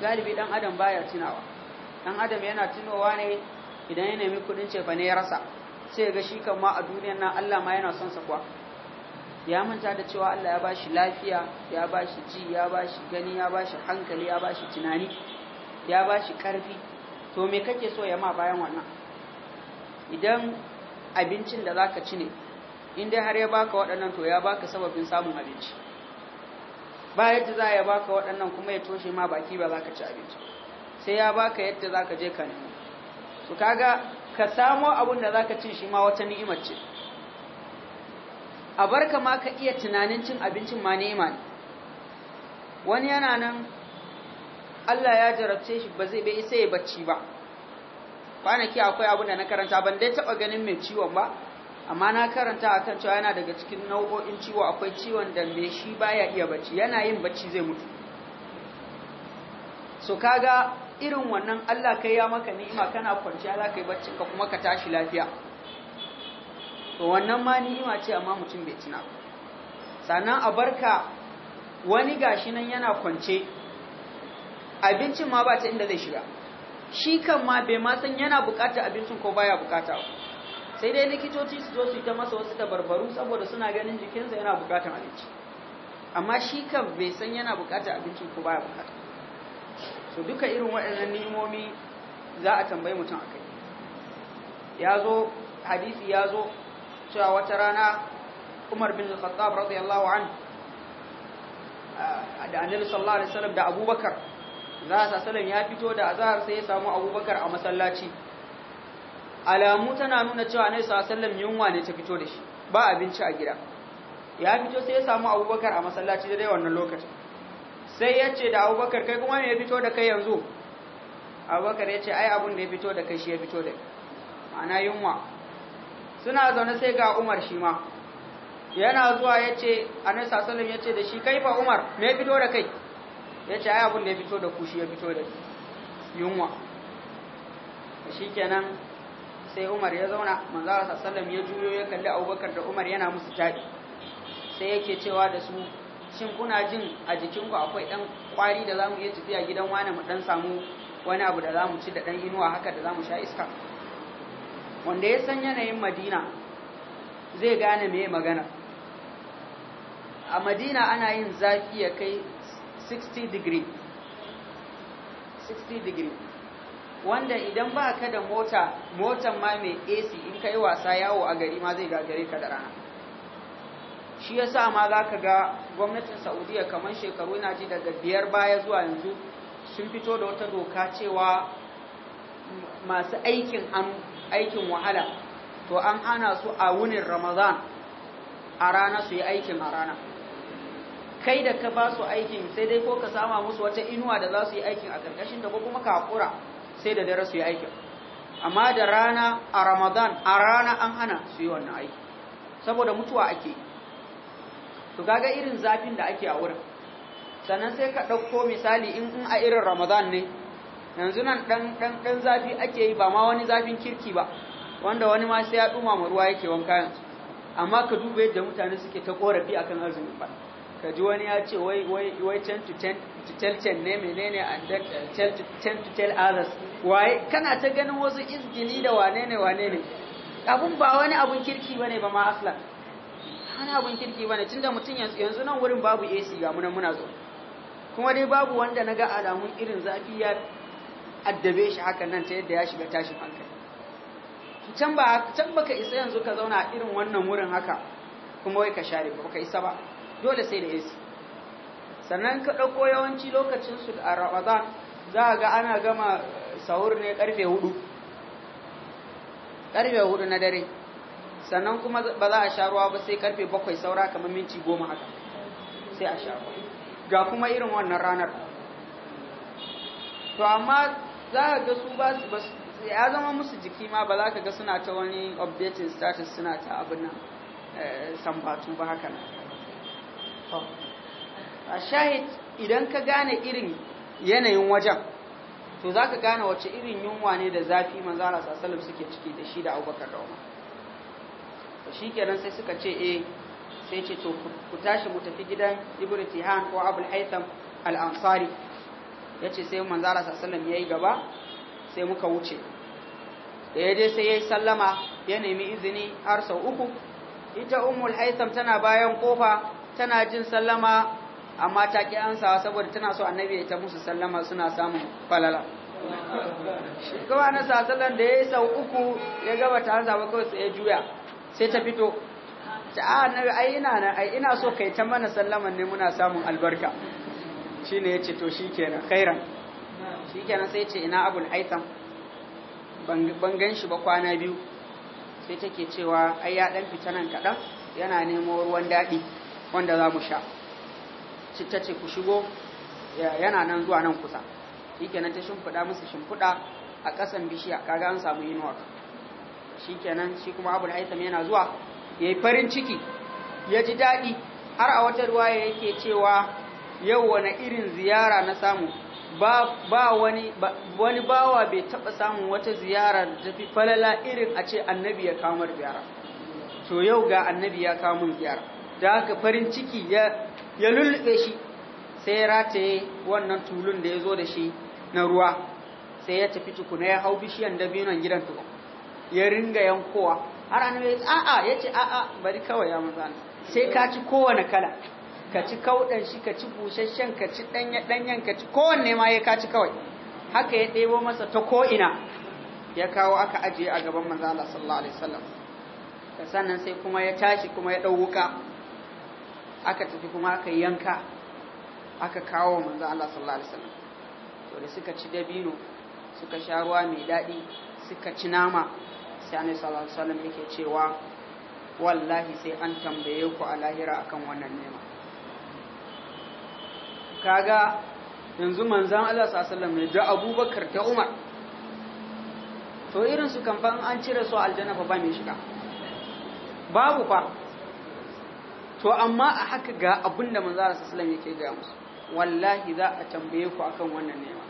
galibi ɗan adam baya tunawa ɗan adam yana tunowa ne idan ya nemi kuɗin cefa ne ya rasa sai ga shi kan a duniyar nan Allah ma yana son sa kuwa ya manta da cewa Allah ya bashi lafiya ya bashi ji ya bashi gani ya bashi hankali ya bashi tunani ya bashi karfi to me kake so ya ma bayan wannan idan abincin da zaka ci ne in dai har ya baka waɗannan to ya baka sababin samun abinci ba yadda za ya baka waɗannan kuma ya toshe ma baki ba zaka ci abinci sai ya baka yadda zaka je ka nemi to kaga ka samo abun da zaka ci shi ma wata ni'imar ce a barka ma ka iya tunanin cin abincin ma nema ne wani yana nan Allah ya jarabce shi ba zai bai isa ya bacci ba kwanaki akwai abin da na karanta ban dai taɓa ganin mai ciwon ba amma na karanta a kan cewa yana daga cikin nau'o'in ciwo akwai ciwon da mai shi baya iya bacci yana yin bacci zai mutu so ga irin wannan Allah kai ya maka ni'ima kana kwanciya za ka yi baccin ka kuma ka tashi lafiya to wannan ma ni'ima ce amma mutum bai tuna ba sannan a barka wani gashi nan yana kwance abincin ma ba ta inda zai shiga shi kan ma bai ma san yana bukata abincin ko baya bukata sai dai likitoci su zo su yi ta masa wasu tabarbaru saboda suna ganin jikinsa yana bukatan abinci amma shi kan bai san yana bukata abincin ko baya bukata so duka irin waɗannan ni'imomi za a tambayi mutum akai ya zo hadisi ya zo cewa wata rana Umar bin Khattab radiyallahu an ah, da Annabi sallallahu alaihi wasallam da Abubakar za sa sallan ya fito da azhar sai ya samu Abubakar a masallaci alamu tana nuna cewa Annabi sallallahu alaihi wasallam yunwa ne ta fito da shi ba abinci a gida ya fito sai ya samu Abubakar a masallaci da dai wannan lokacin sai ya ce da Abubakar kai kuma me ya fito da kai yanzu Abubakar ya ce ai abun da ya fito da kai shi ya fito da ma'ana yunwa suna zaune sai ga Umar shi ma yana zuwa yace Annabi sallallahu alaihi yace da shi kai fa Umar me fito da kai yace ai abun da ya fito da ku shi ya fito da yunwa shikenan sai Umar ya zauna manzo alaihi wasallam ya juyo ya kalli Abubakar da Umar yana musu tadi sai yake cewa da su shin kuna jin a jikinku akwai dan kwari da zamu iya tafiya gidan wani mu dan samu wani abu da zamu ci da dan inuwa haka da zamu sha iska wanda ya san yanayin madina zai gane mai magana a madina ana yin zafi ya kai 60 degree 60 degree wanda idan ba ka da mota motan ma mai ac in ka wasa yawo a gari ma zai gagare ka da rana shi ya sa ma za ka ga gwamnatin saudiya kamar shekaru na ji daga biyar baya zuwa yanzu sun fito da wata doka cewa masu aikin hannu aikin wahala to an hana su a wunin ramadan a rana su yi aikin a rana kai da ka ba su aikin sai dai ko ka sama musu wata inuwa da za su yi aikin a karkashin da ko kuma ka sai da dare su yi aikin amma da rana a ramadan a rana an hana su yi wannan aiki saboda mutuwa ake to kaga irin zafin da ake a wurin sannan sai ka ɗauko misali in a irin ramadan ne yanzu nan dan dan dan zafi ake yi ba ma wani zafin kirki ba wanda wani ma sai ya dumama ruwa yake wanka yanzu amma ka duba yadda mutane suke ta korafi akan azumi ba ka ji wani ya ce wai wai wai ten to ten to tell ten ne menene and then tell to ten to tell others waye kana ta ganin wasu izgili da wane ne wane ne abun ba wani abun kirki bane ba ma aslan wani abun kirki bane tunda mutum yanzu nan wurin babu AC ga munan muna zo kuma dai babu wanda naga alamun irin zafi ya addabe shi hakan nan ta yadda ya shiga tashin hankali can ba can baka isa yanzu ka zauna a irin wannan wurin haka kuma wai ka share ba ka isa ba dole sai da AC sannan ka dauko yawanci lokacin su a Ramadan za ga ana gama sahur ne karfe 4 karfe 4 na dare sannan kuma ba za a sha ruwa ba sai karfe 7 saura kamar minti 10 haka sai a sha ruwa ga kuma irin wannan ranar to amma za ka ga su ba su ya zama musu jiki ma ba za ka ga suna ta wani updating status suna ta abin nan eh, sambatu ba haka nan a shahid idan ka gane irin yanayin wajen to za ka gane wace irin yunwa ne da zafi manzara sasalim suke ciki da shi da abubakar da umar to shi kenan sai suka ce eh sai ce to ku tashi mu tafi gidan ibn tihan ko abul haitham al-ansari Ya ce sai manzo Allah sallallahu alaihi gaba sai muka wuce da yaje sai yayi sallama ya nemi izini har sau uku ita ummul haitham tana bayan kofa tana jin sallama amma ta ki ansawa saboda tana so annabi ya ta musu sallama suna samun falala Kuma na sasalan da yayi sau uku ya gaba ta ansa ba kawai sai ya juya sai ta fito ta annabi ai ina ai ina so kai ta mana sallaman ne muna samun albarka ne ya ce to shi na khairan shikenan sai ce ina abul haitham ban gan shi ba kwana biyu sai take cewa ai ya dan fita nan kadan yana nemo ruwan dadi wanda za mu sha citta ce ku shigo yana nan zuwa nan kusa shikenan ta shimfiɗa musu shimfiɗa a kasan bishiya kaga an samu inuwa shikenan shi kuma abul haitham yana zuwa yayi farin ciki ya ji daɗi har a wata ruwaya yake cewa yau wani irin ziyara na samu ba, ba wani, ba, wani bawa bai taɓa samun wata ziyara da tafi falala irin a ce annabi ya kamar ziyara to yau ga annabi ya kamun ziyara da haka farin ciki ya, ya lullube shi sai ya rataye wannan tulun da ya zo da shi na ruwa sai ya tafi tukuna ya hau bishiyan dabinon gidan tukun ya ringa yankowa har annabi ya ce a'a ya ce a'a bari kawai ya maza sai ka ci kowane kala ka ci kauɗan shi ka ci busasshen ka ci ɗanyen ka ci kowanne ma ya ci kawai haka ya ɗebo masa ta ko'ina ya kawo aka ajiye a gaban manzo Allah sallallahu alaihi wasallam da sannan sai kuma ya tashi kuma ya ɗau wuka aka tafi kuma aka yanka aka kawo manzo Allah sallallahu alaihi wasallam to da suka ci dabino suka sha ruwa mai daɗi suka ci nama sai annabi sallallahu alaihi wasallam yake cewa wallahi sai an tambaye ku a lahira akan wannan nema kaga yanzu manzan Allah sallallahu ne da Abubakar da Umar to irin su kan an cire su aljanna fa ba mai shiga babu fa to amma a haka ga abinda manzan Allah sallallahu alaihi yake ga musu wallahi za a tambaye ku akan wannan nema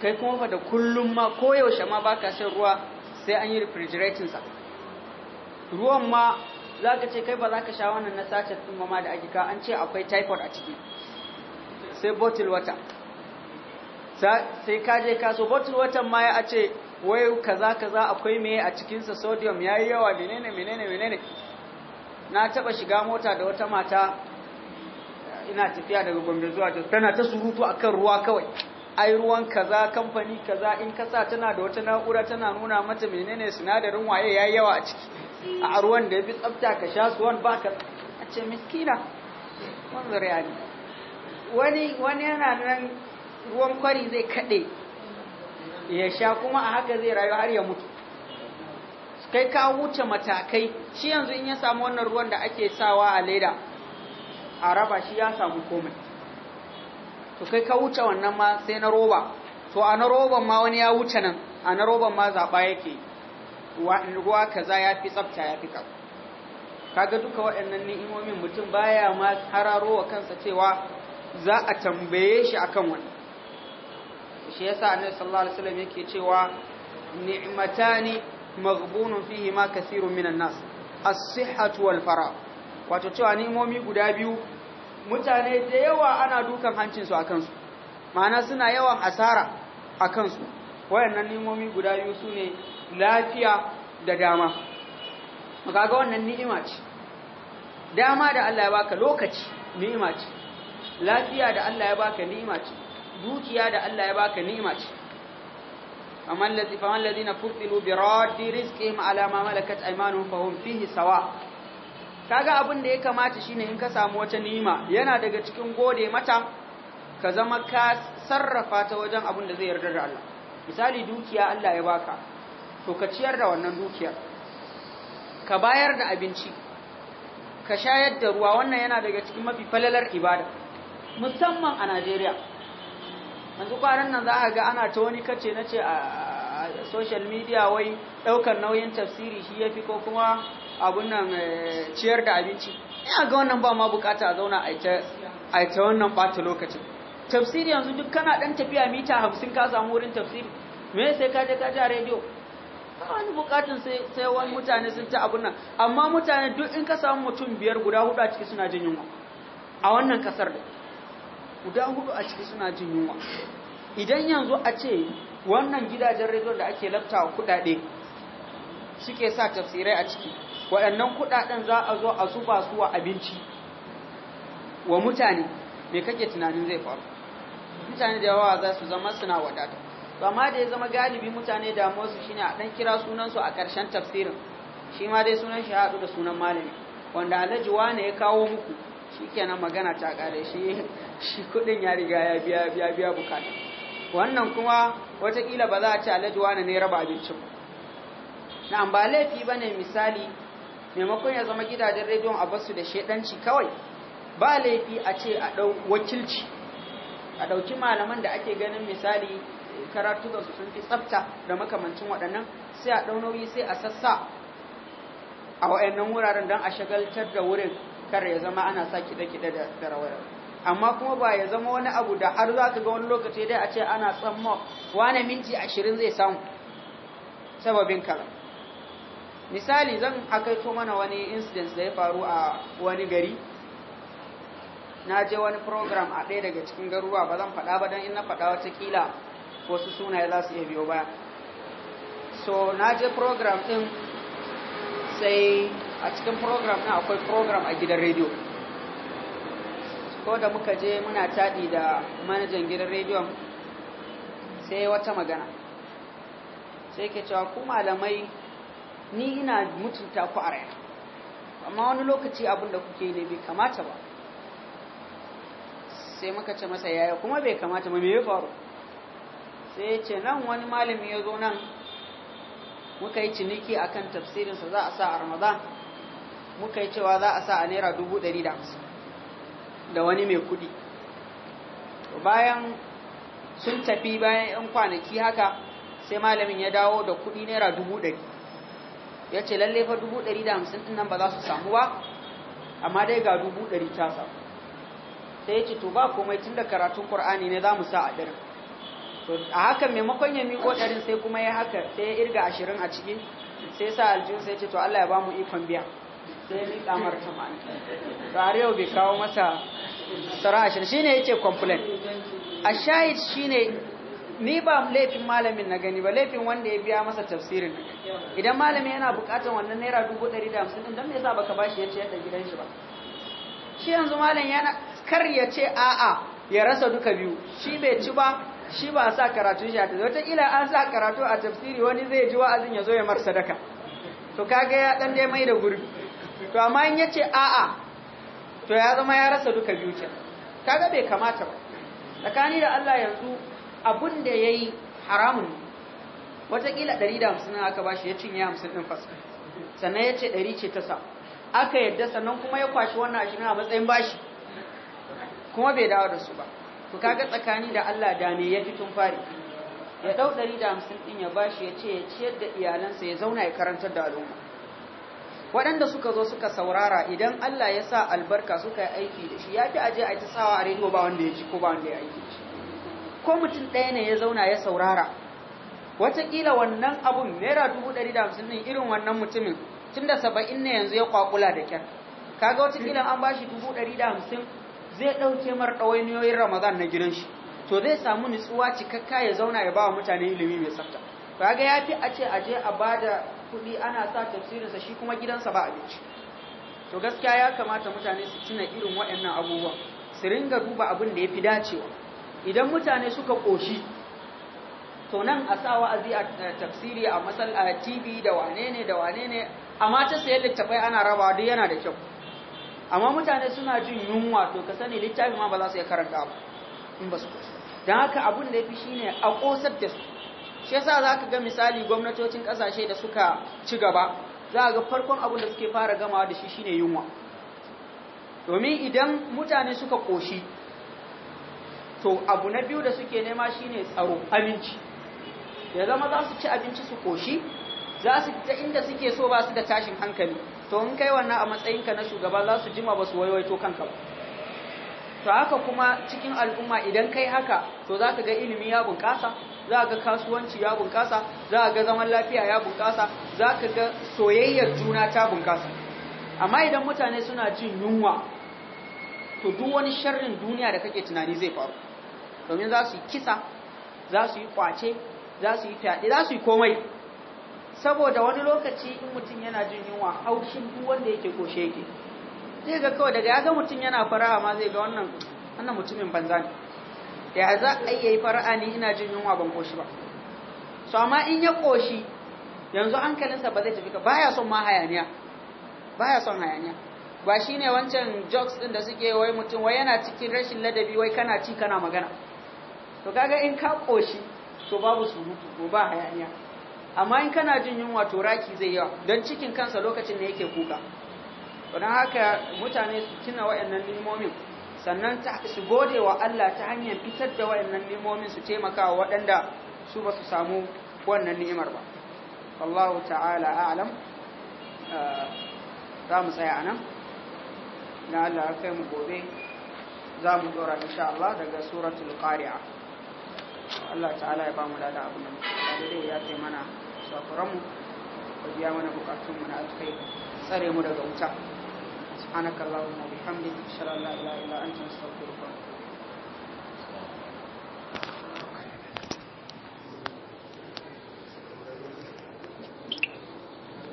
kai kuma fa da kullum ma koyaushe ma baka shan ruwa sai an yi refrigerating sa ruwan ma za ka ce kai ba za ka sha wannan na sace ɗin mama da ake ka an ce akwai typhoid a ciki sai bottle water sai ka je ka so bottle water ma ya ce wai kaza kaza akwai me a cikinsa sodium yayi yawa menene menene menene na taba shiga mota da wata mata ina tafiya daga Gombe zuwa Jos tana ta surutu akan ruwa kawai ai ruwan kaza kamfani kaza in kasa tana da wata na'ura tana nuna mata menene sinadarin waye yayi yawa a ciki a ruwan da ya fi tsafta ka sha su wani baka a ce miskina wanzar yani wani wani yana nan ruwan kwari zai kaɗe ya sha kuma a haka zai rayu har ya mutu kai ka wuce matakai shi yanzu in ya samu wannan ruwan da ake sawa a leda a raba shi ya samu komai to kai ka wuce wannan ma sai na roba to a na roban ma wani ya wuce nan a na roban ma zaɓa yake yi ruwa kaza ya fi tsafta ya fi Ka ga duka waɗannan ni'imomin mutum baya ma hararo wa kansa cewa za a tambaye shi akan wani. shi ya sa annabi sallallahu alaihi wasallam yake cewa ni'matani maghbunun fihi ma kathirun minan nas as-sihhatu wal fara wato cewa ni'imomi guda biyu mutane da yawa ana dukan hancin su akan ma'ana suna yawan asara a kansu. wayannan ni'imomi guda biyu su ne lafiya da dama Maka ga wannan ni'ima ce dama da Allah ya baka lokaci ni'ima ce lafiya da Allah ya baka ni'ima ce dukiya da Allah ya baka ni'ima ce amma allazi fa ladina futilu bi raddi rizqihim ala ma malakat aymanuhum fa hum fihi sawa kaga abin da ya kamata shine in ka samu wata ni'ima yana daga cikin gode mata ka zama ka sarrafa ta wajen abin da zai yarda da Allah misali dukiya Allah ya baka to ka ciyar da wannan dukiyar ka bayar da abinci ka shayar da ruwa wannan yana daga cikin mafi falalar ibada musamman a Najeriya yanzu kwanan nan za a ga ana ta wani kace na ce a social media wai ɗaukar nauyin tafsiri shi yafi ko kuma abun nan eh, ciyar da abinci ina ga wannan ba ma bukata a zauna a ita wannan ɓata lokacin tafsiri yanzu duk kana dan tafiya mita 50 ka samu wurin tafsiri me sai ka je ka ji a radio wani bukatun sai sai wani mutane sun ta abun nan amma mutane duk in ka samu mutum biyar guda hudu a ciki suna jin yunwa a wannan kasar da guda hudu a ciki suna jin yunwa idan yanzu a ce wannan gidajen radio da ake lafta kudade ke sa tafsirai a ciki waɗannan kudaden za a zo a zuba su wa abinci wa mutane me kake tunanin zai faru mutane da yawa za su zama suna wadata to amma da ya zama galibi mutane da su shine a dan kira sunansu a ƙarshen tafsirin shi ma dai sunan shi haɗu da sunan malami wanda alhaji wane ya kawo muku kenan magana ta ƙare shi shi kuɗin ya riga ya biya biya biya bukata wannan kuma watakila ba za a ci alhaji wane ne raba abincin ku. na ba laifi ba ne misali maimakon ya zama gidajen rediyon a basu da shaidanci kawai ba laifi a ce a ɗau wakilci a ɗauki malaman da ake ganin misali karatunansu sun fi tsafta da makamancin waɗannan sai a ɗau nauyi sai a sassa a wa'annan wuraren don a shagaltar da wurin kar ya zama ana sa kiɗe-kiɗe da rawar amma kuma ba ya zama wani abu da har za ka ga wani lokaci dai a ce ana tsamma wani minti ashirin zai samu sababin kala. misali zan akaito mana wani incident da ya faru a wani gari na je wani program a ɗaya daga cikin garuruwa ba zan faɗa ba don in na faɗa watakila wasu sunaye za su iya biyo ba so na je program ɗin sai a cikin program ɗin akwai program a gidan rediyo ko da muka je muna taɗi da manajan gidan rediyon sai wata magana sai ke cewa ku malamai ni ina mutunta ku a amma wani lokaci abin da kuke ne bai kamata ba sai muka ce masa yaya kuma bai kamata mu me ya faru sai ce nan wani malami ya zo nan muka yi ciniki akan tafsirinsa za a sa a ramadan muka yi cewa za a sa a naira dubu da wani mai kuɗi bayan sun tafi bayan 'yan kwanaki haka sai malamin ya dawo da kuɗi naira dubu ɗari ya ce lallai fa dubu ɗari nan ba za su samu ba amma dai ga dubu ta samu sai ya ce to ba komai tunda karatun Qur'ani ne zamu sa a ɗarin to a haka maimakon ya miƙo ɗarin sai kuma ya haka sai ya irga ashirin a ciki sai sa aljihun sai ya ce to Allah ya ba mu ikon biya sai ya miƙa marta ma to har yau bai kawo masa sara ashirin shine ya ce complain a shahid shine ni ba laifin malamin na gani ba laifin wanda ya biya masa tafsirin idan malamin yana bukatar wannan naira dubu ɗari da hamsin don me yasa baka bashi yace yadda gidan shi ba shi yanzu malam yana kar ya ce a'a ya rasa duka biyu shi bai ci ba shi ba sa karatu shi a tafsiri wataƙila an sa karatu a tafsiri wani zai ji wa'azin ya zo ya mar sadaka to kaga ya dan dai mai da gurbi to amma in ya ce a'a to ya zama ya rasa duka biyu ce kaga bai kamata ba tsakani da Allah yanzu abun da yayi haramun kila 150 aka bashi ya cinye 50 din fasaka sannan ya ce 100 ce ta sa aka yadda sannan kuma ya kwashi wannan ashirin a matsayin bashi kuma bai dawo da su ba ku kaga tsakani da Allah da me ya fitun fari ya dau 150 din ya bashi ya ce ya ciyar da iyalansa ya zauna ya karantar da al'umma waɗanda suka zo suka saurara idan Allah ya sa albarka suka yi aiki da shi ya fi aje a sawa a rediyo ba wanda ya ci ko ba wanda ya aiki shi ko mutum ɗaya ne ya zauna ya saurara wataƙila wannan abun naira dubu ɗari da hamsin ɗin irin wannan mutumin tun da saba'in ne yanzu ya kwakula da kyar kaga wataƙila an bashi dubu ɗari da hamsin zai ɗauke mar ɗawainiyoyin ramadan na gidan shi to zai samu nutsuwa cikakka ya zauna ya ba wa mutane ilimi mai tsafta kaga ya fi a ce a je a ba da kuɗi ana sa tafsirinsa shi kuma gidansa ba abinci to gaskiya ya kamata mutane su tuna irin waɗannan abubuwa su ringa duba abin da ya fi dacewa idan mutane suka ƙoshi to nan a sa wa'azi a tafsiri a masal a tv da wane ne da wane ne amma ta sayar littafai ana rabawa duk yana da kyau amma mutane suna jin yunwa to ka sani littafi ma ba za su iya karanta ba in ba su kusa don haka abin da ya fi shine a ƙosar da su shi yasa za ka ga misali gwamnatocin ƙasashe da suka ci gaba za ga farkon abin da suke fara gamawa da shi shine yunwa domin idan mutane suka ƙoshi to abu na biyu da suke nema shine tsaro aminci ya zama za su ci abinci su ƙoshi za su ta inda suke so ba su da tashin hankali to in kai wannan a matsayinka na shugaba za su jima ba su wayoyato kanka ba to haka kuma cikin al'umma idan kai haka to za ka ga ilimi ya bunƙasa za ga kasuwanci ya bunƙasa za ga zaman lafiya ya bunƙasa za ka ga soyayyar juna ta bunƙasa amma idan mutane suna jin yunwa to duk wani sharrin duniya da kake tunani zai faru domin za su yi kisa za su yi kwace za su yi fyaɗe za su yi komai saboda wani lokaci in mutum yana jin yunwa haushin duk wanda yake koshe yake zai ga kawai daga ya ga mutum yana fara'a ma zai ga wannan wannan mutumin banza ne da ya za a yi fara'a ni ina jin yunwa ban koshi ba so amma in ya koshi yanzu hankalinsa ba zai tafi ka baya son ma hayaniya baya son hayaniya ba shine wancan jokes din da suke wai mutum wai yana cikin rashin ladabi wai kana ci kana magana to kaga in ka koshi to babu surutu ko ba hayaniya amma in kana jin yunwa to raki zai yawa don cikin kansa lokacin da yake kuka don haka mutane su kina wayannan limomin sannan su gode wa Allah ta hanyar fitar da wayannan limomin su taimaka wa waɗanda su ba su samu wannan ni'imar ba wallahu ta'ala a'lam eh, za mu tsaya anan na Allah kai mu gobe za mu dora insha Allah daga suratul qari'a Allah ta'ala ya ba mu da abin da ya ce mana mu ka biya mana mu na alkhairi tsare mu daga wuta subhanakallahumma wa bihamdika ashhadu an la ilaha illa anta astaghfiruka